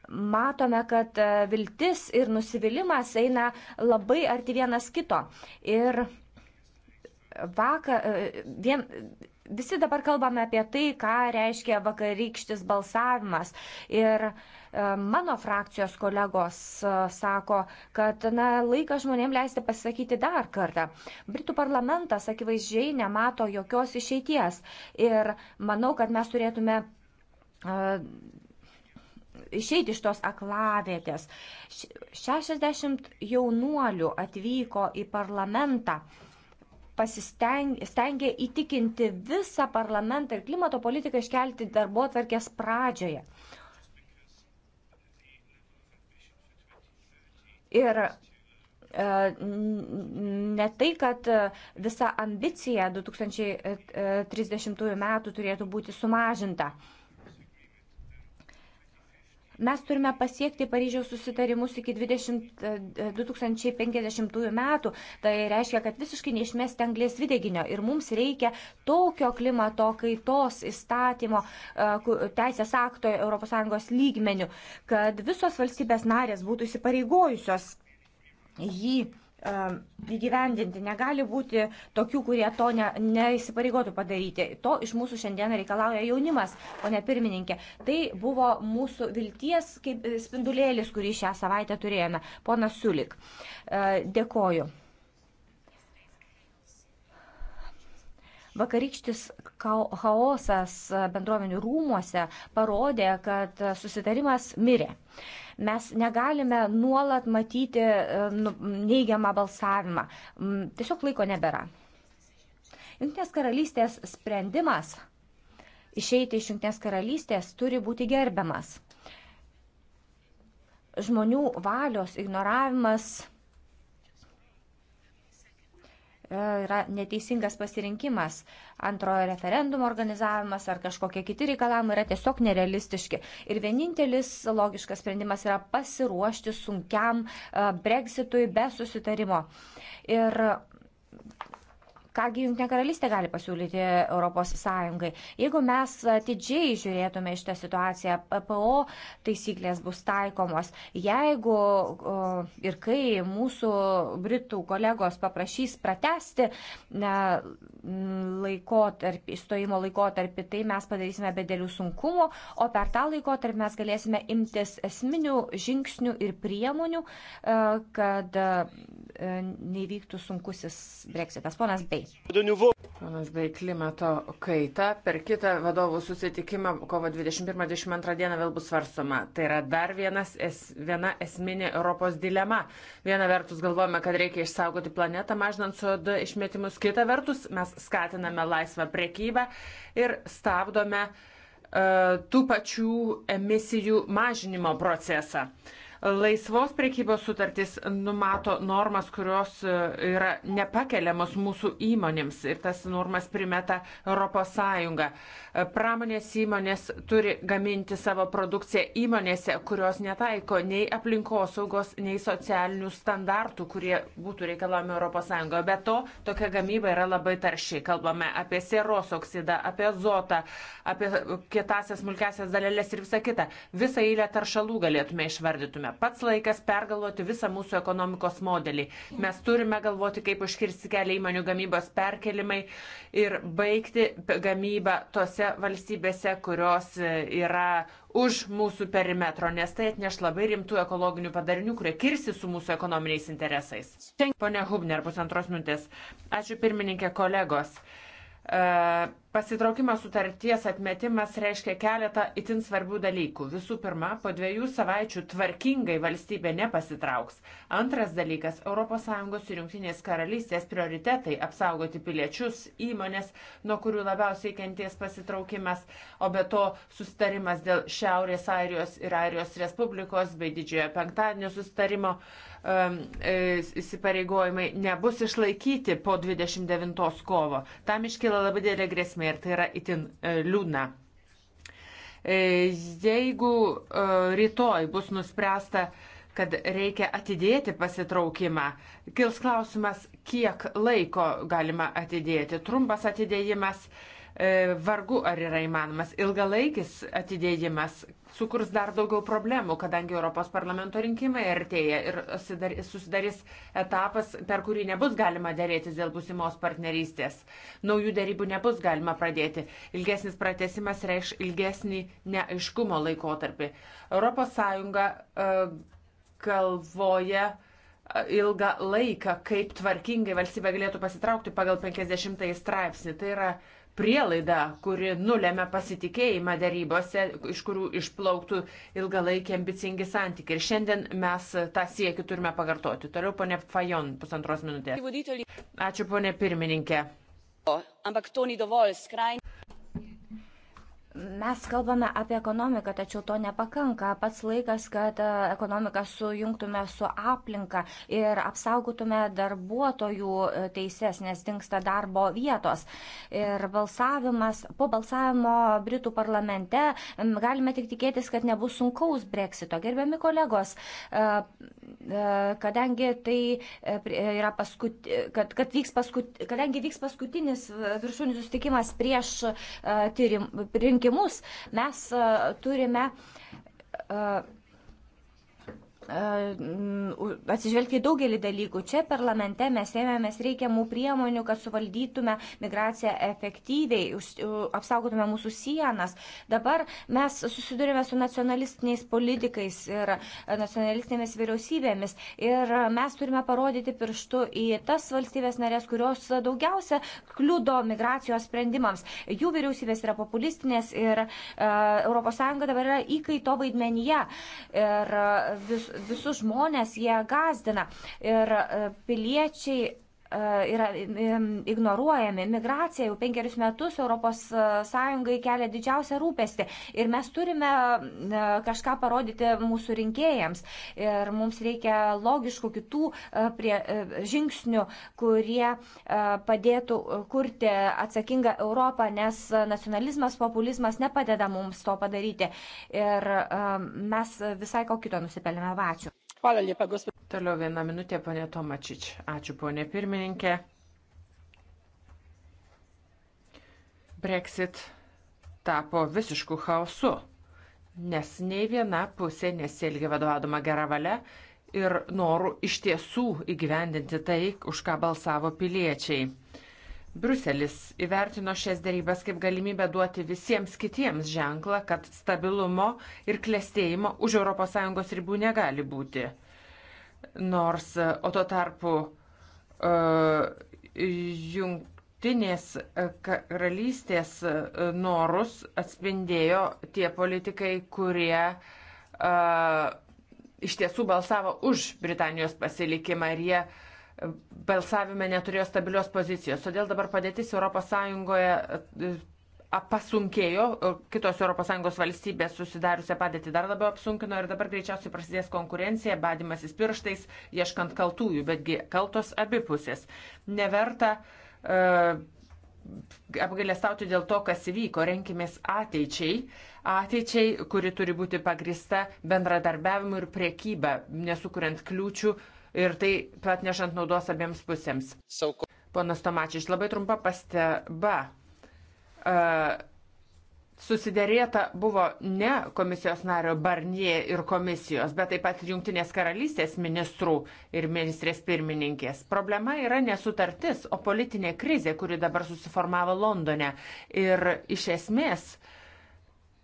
matome, kad e, viltis ir nusivylimas eina labai arti vienas kito. Ir vakar, e, vien, visi dabar kalbame apie tai, ką reiškia vakarykštis balsavimas. Ir e, mano frakcijos kolegos sako, kad na, laikas žmonėms leisti pasakyti dar kartą. Britų parlamentas akivaizdžiai nemato jokios išeities. Ir manau, kad mes turėtume išeiti iš tos aklavietės. 60 jaunuolių atvyko į parlamentą pasistengė įtikinti visą parlamentą ir klimato politiką iškelti darbo atvarkės pradžioje. Ir e, ne tai, kad e, visa ambicija 2030 e, metų turėtų būti sumažinta. Mes turime pasiekti Paryžiaus susitarimus iki 20, 2050 e, e, metų. Tai reiškia, kad visiškai neišmesti anglės dvideginio. Ir mums reikia tokio klimato kaitos įstatymo e, teisės akto ES lygmenių, kad visos valstybės narės būtų įsipareigojusios jį Um, įgyvendinti. Negali būti tokių, kurie to ne, neįsipareigotų padaryti. To iš mūsų šiandieną reikalauja jaunimas, o ne pirmininkė. Tai buvo mūsų vilties kaip e, spindulėlis, kurį šią savaitę turėjome. Ponas Siulik, e, dėkoju. Vakarykštis chaosas bendruomenių rūmuose parodė, kad susitarimas mirė. Mes negalime nuolat matyti e, nu, neigiamą balsavimą. Tiesiog laiko nebėra. Junktinės karalystės sprendimas išeiti iš Junktinės karalystės turi būti gerbiamas. Žmonių valios ignoravimas E, yra neteisingas pasirinkimas. Antrojo referendumo organizavimas ar kažkokie kiti reikalavimai yra tiesiog nerealistiški. Ir vienintelis logiškas sprendimas yra pasiruošti sunkiam e, breksitui be susitarimo. Ir kągi Junktinė karalystė gali pasiūlyti ES. Jeigu mes atidžiai žiūrėtume šitą situaciją, PPO taisyklės bus taikomos. Jeigu ir kai mūsų Britų kolegos paprašys pratesti laikotarpį, įstojimo laikotarpį, tai mes padarysime bedėlių sunkumų, o per tą laikotarpį mes galėsime imtis esminių žingsnių ir priemonių, e, kad e, nevyktų sunkusis breksitas. Ponas Bei. Ponas bei klimato kaita per kitą vadovų susitikimą kovo 21-22 dieną vėl bus svarstoma. Tai yra dar vienas, es, viena esminė Europos dilema. Viena vertus galvojame, kad reikia išsaugoti planetą, mažinant CO2 išmetimus, kita vertus mes skatiname laisvą priekybą ir stabdome uh, tų pačių emisijų mažinimo procesą. Uh, Laisvos prekybos sutartys numato normas, kurios e, yra nepakeliamos mūsų įmonėms ir tas normas primeta ES. E, pramonės įmonės turi gaminti savo produkciją įmonėse, kurios netaiko nei aplinkosaugos, nei socialinių standartų, kurie būtų reikalami ES. Be to, tokia gamyba yra labai tarši. Kalbame apie sieros oksidą, apie azotą, apie kietasias smulkesias dalelės ir visą kitą. Visą eilę taršalų galėtume išvardytume turime. Pats laikas pergalvoti visą mūsų ekonomikos modelį. Mes turime galvoti, kaip užkirsti kelią įmonių gamybos perkelimai ir baigti gamybą tose valstybėse, kurios e, yra už mūsų perimetro, nes tai atneš labai rimtų ekologinių padarinių, kurie kirsi su mūsų ekonominiais interesais. Pone Hubner, pusantros minutės. Ačiū pirmininkė kolegos. Uh, Pasitraukimo sutarties atmetimas reiškia keletą itin svarbių dalykų. Visų pirma, po dviejų savaičių tvarkingai valstybė nepasitrauks. Antras dalykas - ES ir Junktinės karalystės prioritetai - apsaugoti piliečius, įmonės, nuo kurių labiausiai kenties pasitraukimas, o be to sustarimas dėl Šiaurės Airijos ir Airijos Respublikos bei Didžiojo penktadienio sustarimo um, e, įsipareigojimai nebus išlaikyti po 29 kovo. Tam iškyla labai didelė grėsmė pakankamai ir tai yra itin e, liūdna. E, jeigu e, rytoj bus nuspręsta, kad reikia atidėti pasitraukimą. Kils klausimas, kiek laiko galima atidėti. Trumpas atidėjimas e, vargu ar yra įmanomas. Ilgalaikis atidėjimas sukurs dar daugiau problemų, kadangi Europos parlamento rinkimai artėja ir susidarys etapas, per kurį nebus galima dėrėtis dėl būsimos partnerystės. Naujų dėrybų nebus galima pradėti. Ilgesnis pratesimas reiš ilgesnį neaiškumo laikotarpį. Europos Sąjunga e, galvoja, uh, ilgą laiką, kaip tvarkingai valstybė galėtų pasitraukti pagal 50 straipsnį. Tai yra uh, prielaida, kuri nulėmė pasitikėjimą darybose, iš kurių išplauktų ilgalaikiai ambicingi santykiai. Ir šiandien mes tą siekį turime pakartoti. Toliau, ponė Fajon, pusantros minutės. Ačiū, ponė pirmininkė ampak to ni dovolj. Mes kalbame apie ekonomiką, tačiau to nepakanka. Pats laikas, kad e, ekonomiką sujungtume su aplinka ir apsaugotume darbuotojų e, teises, nes dinksta darbo vietos. Ir balsavimas, po balsavimo Britų parlamente galime tik tikėtis, kad nebus sunkaus breksito. Gerbiami kolegos, e, kadangi tai yra paskut, kad, kad vyks paskut, kadangi vyks paskutinis viršūnių sustikimas prieš tyrim, rinkimą rinkimus. Mes e, turime e, E, atsižvelgti daugelį dalykų. Čia parlamente mes ėmėmės reikiamų priemonių, kad suvaldytume migraciją efektyviai, apsaugotume mūsų sienas. Dabar mes susidurime su nacionalistiniais politikais ir nacionalistinėmis vyriausybėmis ir mes turime parodyti pirštu į tas valstybės narės, kurios daugiausia kliudo migracijos sprendimams. Jų vyriausybės yra populistinės ir uh, e, ES dabar yra įkaito vaidmenyje. Ir e, vis, visus žmonės jie gazdina. Ir e, piliečiai E, yra e, ignoruojami. Migracija jau penkerius metus ES e, kelia didžiausią rūpestį ir mes turime kažką parodyti mūsų rinkėjams ir mums reikia logiškų kitų prie, žingsnių, kurie padėtų kurti atsakingą Europą, nes nacionalizmas, populizmas nepadeda mums to padaryti ir mes visai ko kito nusipelnėme. Ačiū. Toliau vieną minutę, ponė Tomačič. Ačiū, ponė pirmininkė. Brexit tapo visišku chaosu, nes nei viena pusė nesielgia vadovaudama gerą valią ir norų iš tiesų įgyvendinti tai, už ką balsavo piliečiai. Bruselis įvertino šias dėrybas kaip galimybę duoti visiems kitiems ženklą, kad stabilumo ir klėstėjimo už ES ribų negali būti. Nors, e, o tuo tarpu e, jungtinės e, karalystės norus atspindėjo tie politikai, kurie a, iš tiesų balsavo už Britanijos pasilikimą ir jie uh, balsavime neturėjo stabilios pozicijos. Todėl dabar padėtis ES e, pasunkėjo, kitos ES valstybės susidariusią padėtį dar labiau apsunkino ir dabar greičiausiai prasidės konkurencija, badimasis pirštais, ieškant kaltųjų, betgi kaltos abipusės. Neverta uh, apgailestauti dėl to, kas įvyko, renkimės ateičiai, ateičiai, kuri turi būti pagrista bendradarbiavimu ir priekyba, nesukuriant kliūčių uh, ir tai atnešant naudos abiems pusėms. Ponas Tomačiš, labai trumpa pasteba. Uh, e, Susiderėta buvo ne komisijos nario Barnie ir komisijos, bet taip pat ir Junktinės karalystės ministrų ir ministrės pirmininkės. Problema yra nesutartis, o politinė krizė, kuri dabar susiformavo Londone. Ir iš esmės uh,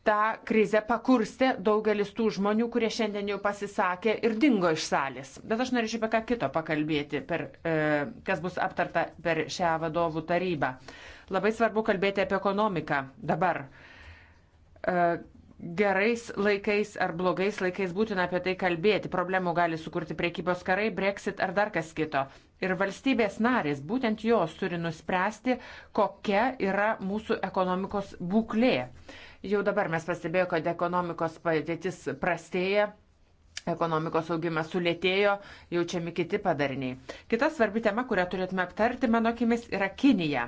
tą krizę pakurstė daugelis tų žmonių, kurie šiandien jau pasisakė ir dingo iš salės. Bet aš norėčiau apie ką kito pakalbėti, per, e, kas bus aptarta per šią vadovų tarybą. Labai svarbu kalbėti apie ekonomiką dabar. E, gerais laikais ar blogais laikais būtina apie tai kalbėti. Problemų gali sukurti priekybos karai, Brexit ar dar kas kito. Ir valstybės narės, būtent jos turi nuspręsti, kokia yra mūsų ekonomikos būklė. Jau dabar mes pastebėjome, kad ekonomikos padėtis prastėja, ekonomikos augimas sulėtėjo, jaučiami kiti padariniai. Kita svarbi tema, kurią turėtume aptarti, mano akimis, yra Kinija.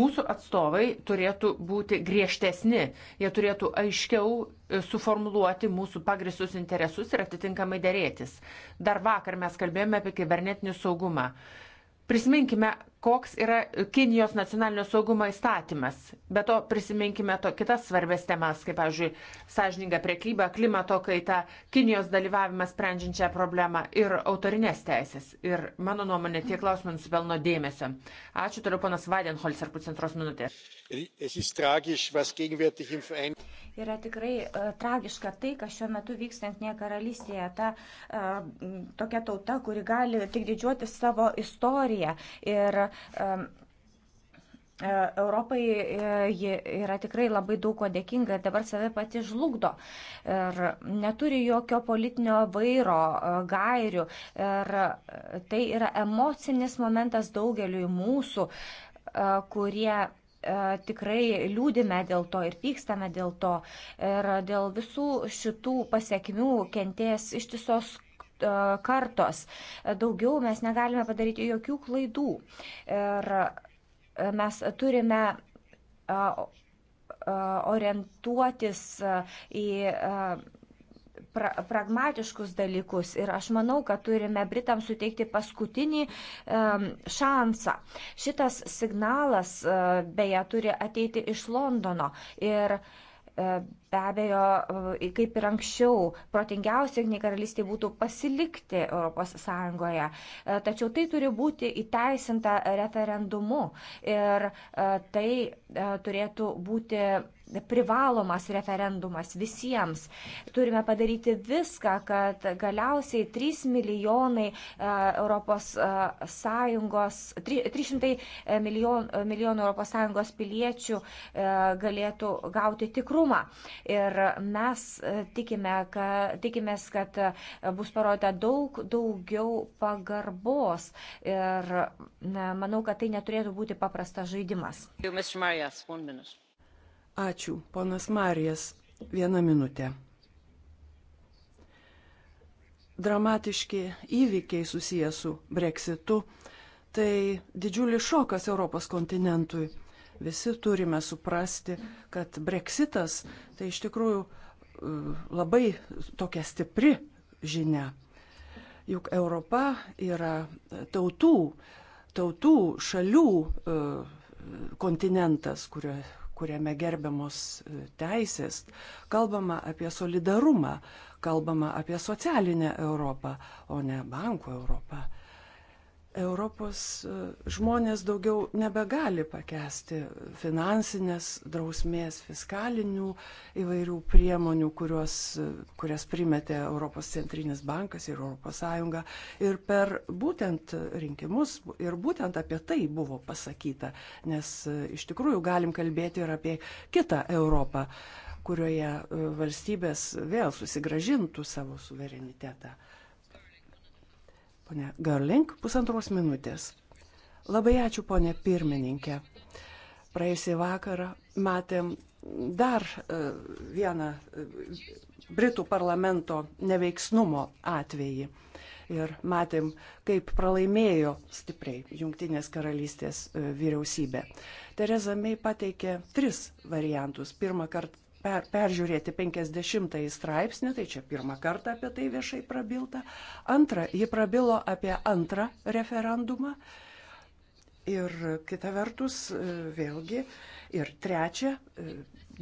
Mūsų atstovai turėtų būti griežtesni, jie turėtų aiškiau e, suformuluoti mūsų pagristus interesus ir atitinkamai dėrėtis. Dar vakar mes kalbėjome apie kibernetinį saugumą. Prisiminkime, koks yra Kinijos nacionalinio saugumo įstatymas. Be to prisiminkime to kitas svarbės temas, kaip, pavyzdžiui, sąžininga priekyba, klimato kaita, Kinijos dalyvavimas sprendžiančią problemą ir autorinės teisės. Ir mano nuomonė, tie klausimai nusipelno dėmesio. Ačiū toliau ponas Vadenholz ar pusantros minutės. Yra tikrai uh, tragiška tai, kas šiuo metu vyksta Junktinėje karalystėje. Ta uh, tokia tauta, kuri gali tik didžiuotis savo istoriją. Ir E, Europai e, ji yra tikrai labai daug ko dėkinga ir dabar save pati žlugdo. Ir neturi jokio politinio vairo, e, gairių. Ir tai yra emocinis momentas daugeliui mūsų, kurie tikrai liūdime dėl to ir pykstame dėl to. Ir dėl visų šitų pasiekmių kentės ištisos kartos. Daugiau mes negalime padaryti jokių klaidų. Ir mes turime orientuotis į pra, pragmatiškus dalykus ir aš manau, kad turime Britams suteikti paskutinį um, šansą. Šitas signalas uh, beje turi ateiti iš Londono ir uh, E, be abejo, e, kaip ir anksčiau, protingiausia Junktinė karalystė būtų pasilikti ES. E, tačiau tai turi būti įteisinta referendumu ir tai turėtų būti privalomas referendumas visiems. Turime padaryti viską, kad galiausiai 3 milijonai e, Europos e, Sąjungos, 300 e, milijon, milijonų Europos Sąjungos piliečių galėtų gauti tikrumą. Ir mes tikime, kad, tikimės, kad bus parodyta daug daugiau pagarbos. Ir manau, kad tai neturėtų būti paprastas žaidimas. You, Mr. Marias, one minute. Ačiū, ponas Marijas. Vieną minutę. Dramatiški įvykiai susijęs su breksitu - tai didžiulis šokas Europos kontinentui. Visi turime suprasti, kad breksitas - tai iš tikrųjų e, labai tokia stipri žinia. Juk Europa yra tautų, tautų, šalių e, kontinentas, kurio, kuriame gerbiamos e, teisės, kalbama apie solidarumą, kalbama apie socialinę Europą, o ne bankų Europą. Europos e, žmonės daugiau nebegali pakęsti finansinės drausmės, fiskalinių įvairių priemonių, kurios, e, kurias primetė Europos centrinis bankas ir ES. Ir per būtent rinkimus, ir būtent apie tai buvo pasakyta, nes e, iš tikrųjų galim kalbėti ir apie kitą Europą, kurioje valstybės vėl susigražintų savo suverenitetą. Pone Garlink, pusantros minutės. Labai ačiū, ponė pirmininkė. Praėjusį vakarą matėm dar e, vieną e, Britų parlamento neveiksnumo atvejį. Ir matėm, kaip pralaimėjo stipriai Junktinės karalystės e, vyriausybė. Tereza May pateikė tris variantus. Pirmą kartą per, peržiūrėti 50 straipsnį, tai čia pirmą kartą apie tai viešai prabilta. Antra, ji prabilo apie antrą referendumą. Ir kita vertus, e, vėlgi, ir trečia, e,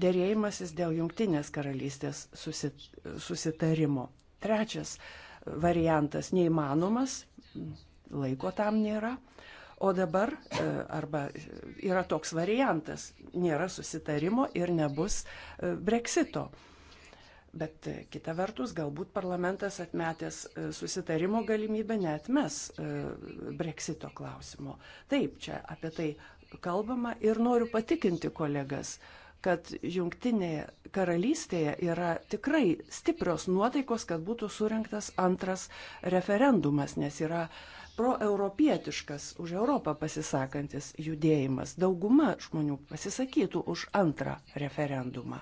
dėrėjimasis dėl jungtinės karalystės susit, susitarimo. Trečias variantas neįmanomas, laiko tam nėra. O dabar e, arba e, yra toks variantas, nėra susitarimo ir nebus e, breksito. Bet kita vertus, galbūt parlamentas atmetęs susitarimo galimybę netmes breksito klausimo. Taip, čia apie tai kalbama ir noriu patikinti kolegas, kad jungtinėje karalystėje yra tikrai stiprios nuotaikos, kad būtų surinktas antras referendumas, nes yra uh, proeuropietiškas, už Europą pasisakantis judėjimas. Dauguma žmonių pasisakytų už antrą referendumą.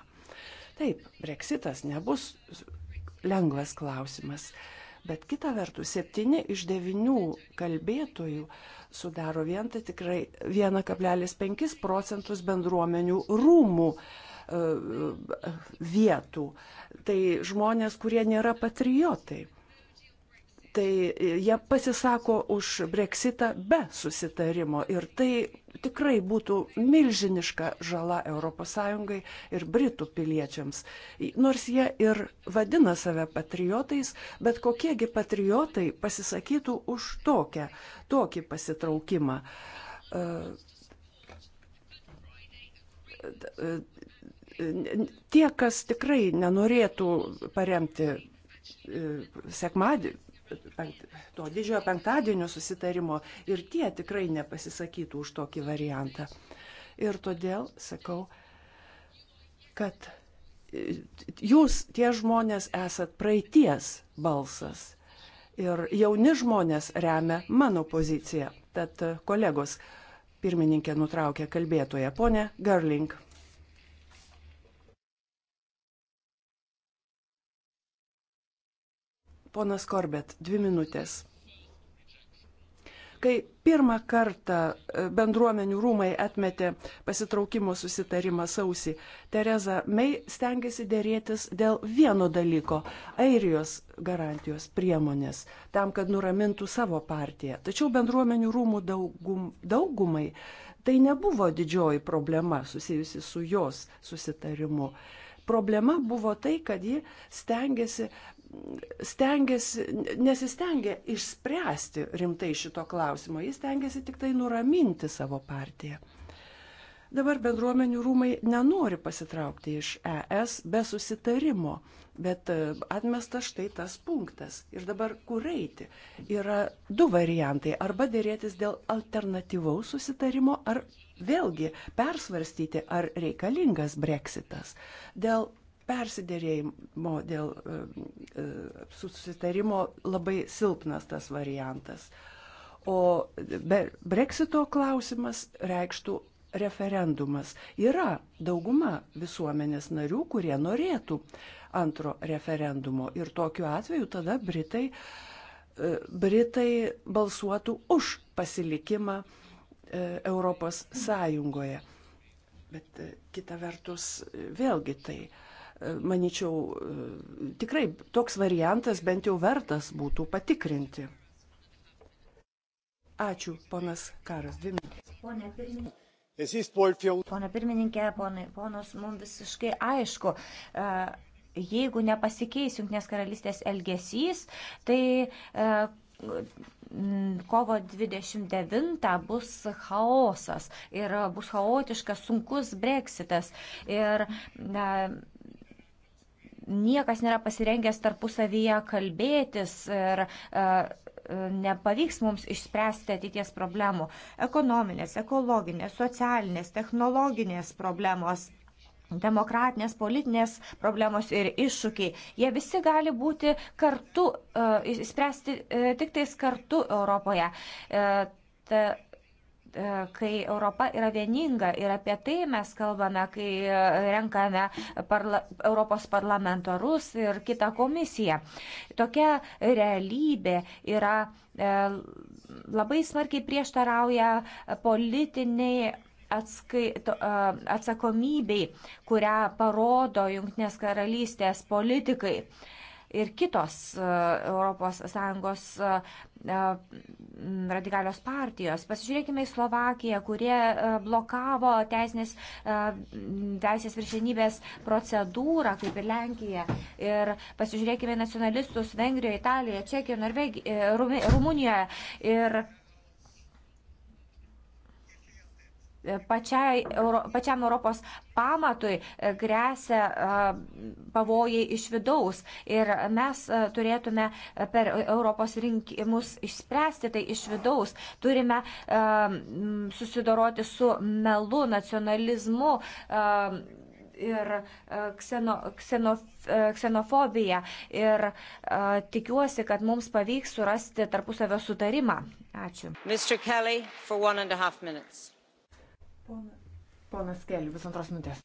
Taip, breksitas nebus lengvas klausimas, bet kita vertus, septyni iš devinių kalbėtojų sudaro vien tai tikrai 1,5 procentus bendruomenių rūmų e, e, vietų. Tai žmonės, kurie nėra patriotai. Tai jie pasisako už breksitą be susitarimo ir tai tikrai būtų milžiniška žala ES ir Britų piliečiams. Nors jie ir vadina save patriotais, bet kokiegi patriotai pasisakytų už tokią, tokį pasitraukimą. Tie, kas tikrai nenorėtų paremti sekmadį, penkt, to didžiojo penktadienio susitarimo ir tie tikrai nepasisakytų už tokį variantą. Ir todėl sakau, kad e, jūs tie žmonės esat praeities balsas. Ir jauni žmonės remia mano poziciją. Tad kolegos, pirmininkė nutraukė kalbėtoją, ponė Garling. Ponas Korbet, dvi minutės. Kai pirmą kartą e, bendruomenių rūmai atmetė pasitraukimo susitarimą sausį, Tereza May stengiasi dėrėtis dėl vieno dalyko - airijos garantijos priemonės, tam, kad nuramintų savo partiją. Tačiau bendruomenių rūmų daugum, daugumai tai nebuvo didžioji problema susijusi su jos susitarimu problema buvo tai, kad ji stengiasi stengiasi, nesistengia išspręsti rimtai šito klausimo, jis stengiasi tik tai nuraminti savo partiją. Dabar bendruomenių rūmai nenori pasitraukti iš ES be susitarimo, bet e, atmestas štai tas punktas. Ir dabar kur eiti? Yra du variantai. Arba dėrėtis dėl alternatyvaus susitarimo, ar vėlgi persvarstyti, ar reikalingas breksitas. Dėl persidėrėjimo dėl e, e, susitarimo labai silpnas tas variantas. O breksito klausimas reikštų referendumas. Yra dauguma visuomenės narių, kurie norėtų antro referendumo ir tokiu atveju tada Britai, e, Britai balsuotų už pasilikimą Europos Sąjungoje. Bet kita vertus, vėlgi tai uh, manyčiau, e, tikrai toks variantas bent jau vertas būtų patikrinti. Ačiū, ponas Karas, dvi minutės. Pone pirmininkė. Pone pirmininkė, ponai, ponos, mums visiškai aišku, e, jeigu nepasikeis Junktinės karalystės elgesys, tai e, kovo 29 bus chaosas ir bus chaotiškas sunkus breksitas. Ir, na, niekas nėra pasirengęs tarpusavyje kalbėtis ir e, e, nepavyks mums išspręsti ateities problemų. Ekonominės, ekologinės, socialinės, technologinės problemos. Demokratinės, politinės problemos ir iššūkiai. Jie visi gali būti kartu, uh, e, spręsti uh, tik tais kartu Europoje. Uh, ta, E, kai Europa yra vieninga ir apie tai mes kalbame, kai e, renkame parla Europos parlamentarus ir kitą komisiją. Tokia realybė yra e, labai smarkiai prieštarauja politiniai atskaito, atsakomybei, kurią parodo Junktinės karalystės politikai ir kitos ES e, e, radikalios partijos. Pasižiūrėkime į Slovakiją, kurie e, blokavo teisinės, teisės viršenybės procedūrą, kaip ir Lenkija. Ir pasižiūrėkime nacionalistus Vengrijoje, Italijoje, Čekijoje, Norvegijoje, Rumunijoje. Ir pačiai, Euro, pačiam Europos pamatui e, grėsia e, pavojai iš vidaus. Ir mes e, turėtume per Europos rinkimus išspręsti tai iš vidaus. Turime susidoroti su melu, nacionalizmu ir kseno, kseno, ksenofobija. Ir uh, tikiuosi, kad mums pavyks surasti tarpusavio sutarimą. Ačiū. Mr. Kelly, for one and a half minutes. Pona, ponas Keli, pusantros minutės.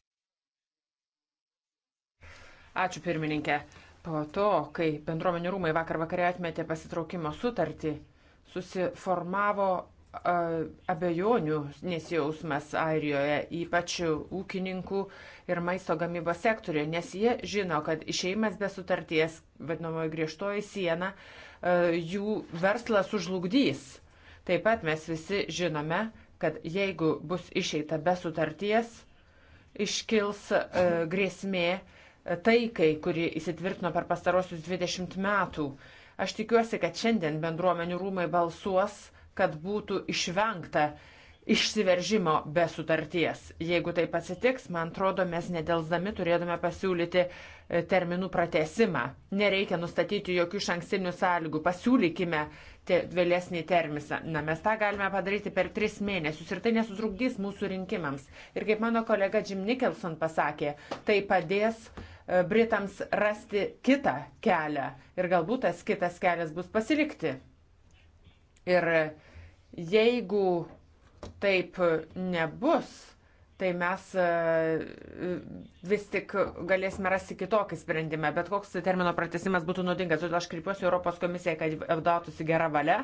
Ačiū pirmininkė. Po to, kai bendruomenių rūmai vakar vakarė atmetė pasitraukimo sutartį, susiformavo abejonių nesijausmas Airijoje, ypač ūkininkų ir maisto gamybos sektoriuje, nes jie žino, kad išeimas be sutarties, vadinamoji griežtoji siena, jų verslą sužlugdys. Taip pat mes visi žinome, kad jeigu bus išeita be sutarties, iškils e, grėsmė taikai, kuri įsitvirtino per pastarosius 20 metų. Aš tikiuosi, kad šiandien bendruomenių rūmai balsuos, kad būtų išvengta išsiveržimo be sutarties. Jeigu taip atsitiks, man atrodo, mes nedelsdami turėtume pasiūlyti e, terminų pratesimą. Nereikia nustatyti jokių šankstinių sąlygų. Pasiūlykime uh, te, vėlesnį terminą. Mes tą galime padaryti per tris mėnesius ir tai nesutrukdys mūsų rinkimams. Ir kaip mano kolega Jim Nicholson pasakė, tai padės e, Britams rasti kitą kelią ir galbūt tas kitas kelias bus pasilikti. Ir jeigu taip nebus, tai mes e, vis tik galėsime rasti kitokį sprendimą. Bet koks termino pratesimas būtų naudingas. Todėl aš kreipiuosi Europos komisiją, kad apdautųsi gerą valią.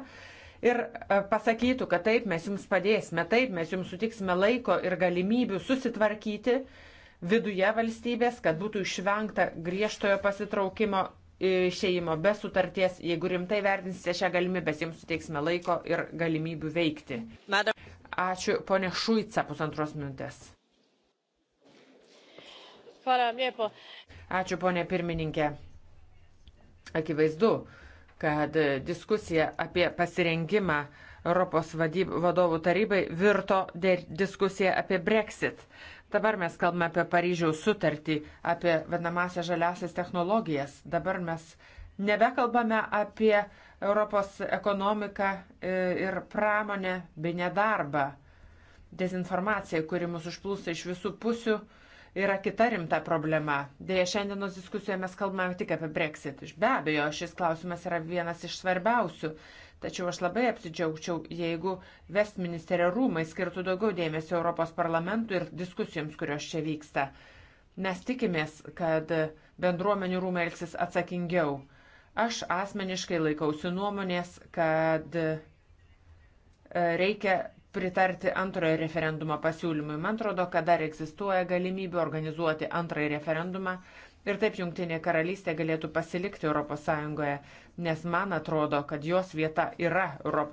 Ir e, pasakytų, kad taip, mes jums padėsime, taip, mes jums sutiksime laiko ir galimybių susitvarkyti viduje valstybės, kad būtų išvengta griežtojo pasitraukimo e, išeimo be sutarties. Jeigu rimtai vertinsite šią galimybę, jums suteiksime laiko ir galimybių veikti. Madam. Ačiū, ponė Šuica, pusantros minutės. Ačiū, ponė pirmininkė. Akivaizdu, kad diskusija apie pasirengimą Europos vadovų tarybai virto diskusija apie Brexit. Dabar mes kalbame apie Paryžiaus sutartį, apie vadinamąsias žaliasias technologijas. Dabar mes nebekalbame apie uh, Europos ekonomiką e, ir pramonę bei nedarbą. Dezinformacija, kuri mus užplūsta iš visų pusių, yra kita rimta problema. Deja, šiandienos diskusijoje mes kalbame tik apie Brexit. Be abejo, šis klausimas yra vienas iš svarbiausių. Tačiau aš labai apsidžiaugčiau, jeigu Westminsterio rūmai skirtų daugiau dėmesio Europos parlamentui ir diskusijoms, kurios čia vyksta. Mes tikimės, kad bendruomenių rūmai elgsis atsakingiau Aš asmeniškai laikausi nuomonės, kad e, reikia pritarti antrojo referendumo pasiūlymui. Man atrodo, kad dar egzistuoja galimybė organizuoti antrąjį referendumą ir taip Junktinė karalystė galėtų pasilikti ES, nes man atrodo, kad jos vieta yra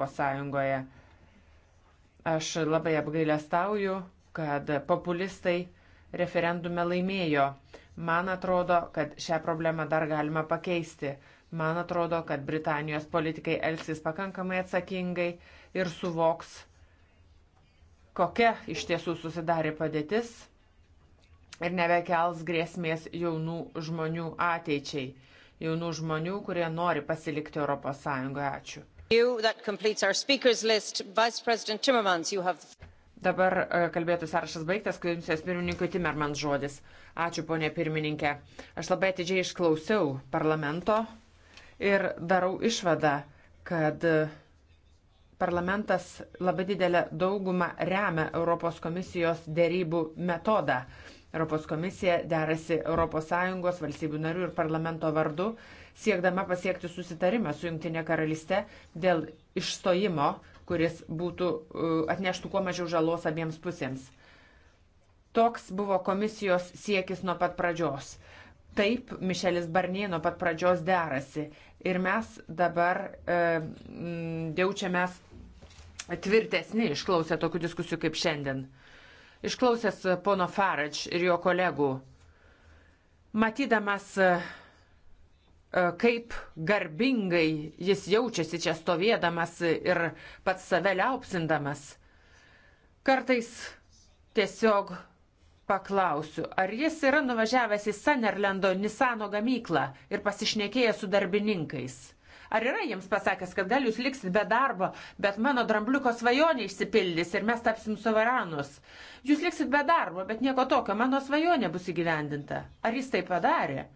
ES. Aš labai apgailestauju, kad populistai referendume laimėjo. Man atrodo, kad šią problemą dar galima pakeisti. Man atrodo, kad Britanijos politikai elgsis pakankamai atsakingai ir suvoks, kokia iš tiesų susidarė padėtis ir nebekels grėsmės jaunų žmonių ateičiai, jaunų žmonių, kurie nori pasilikti Europos Sąjungoje. Ačiū. List, have... Dabar e, kalbėtų sąrašas baigtas, komisijos pirmininkui Timermans žodis. Ačiū, ponė pirmininkė. Aš labai atidžiai išklausiau parlamento ir darau išvadą, kad parlamentas labai didelę daugumą remia Europos komisijos dėrybų metodą. Europos komisija derasi ES valstybių narių ir parlamento vardu, siekdama pasiekti susitarimą su Junktinė karalystė dėl išstojimo, kuris būtų atneštų kuo mažiau žalos abiems pusėms. Toks buvo komisijos siekis nuo pat pradžios. Taip Mišelis Barnie nuo pat pradžios derasi. Ir mes dabar e, jaučiamės tvirtesni išklausę tokių diskusijų kaip šiandien. Išklausęs pono Farage ir jo kolegų, matydamas, e, e, kaip garbingai jis jaučiasi čia stovėdamas ir pats save liaupsindamas, kartais tiesiog paklausiu, ar jis yra nuvažiavęs į Sanerlendo Nisano gamyklą ir pasišnekėjęs su darbininkais? Ar yra jiems pasakęs, kad gal jūs liksit be darbo, bet mano drambliuko svajonė išsipildys ir mes tapsim suveranus? Jūs liksit be darbo, bet nieko tokio, mano svajonė bus įgyvendinta. Ar jis tai padarė?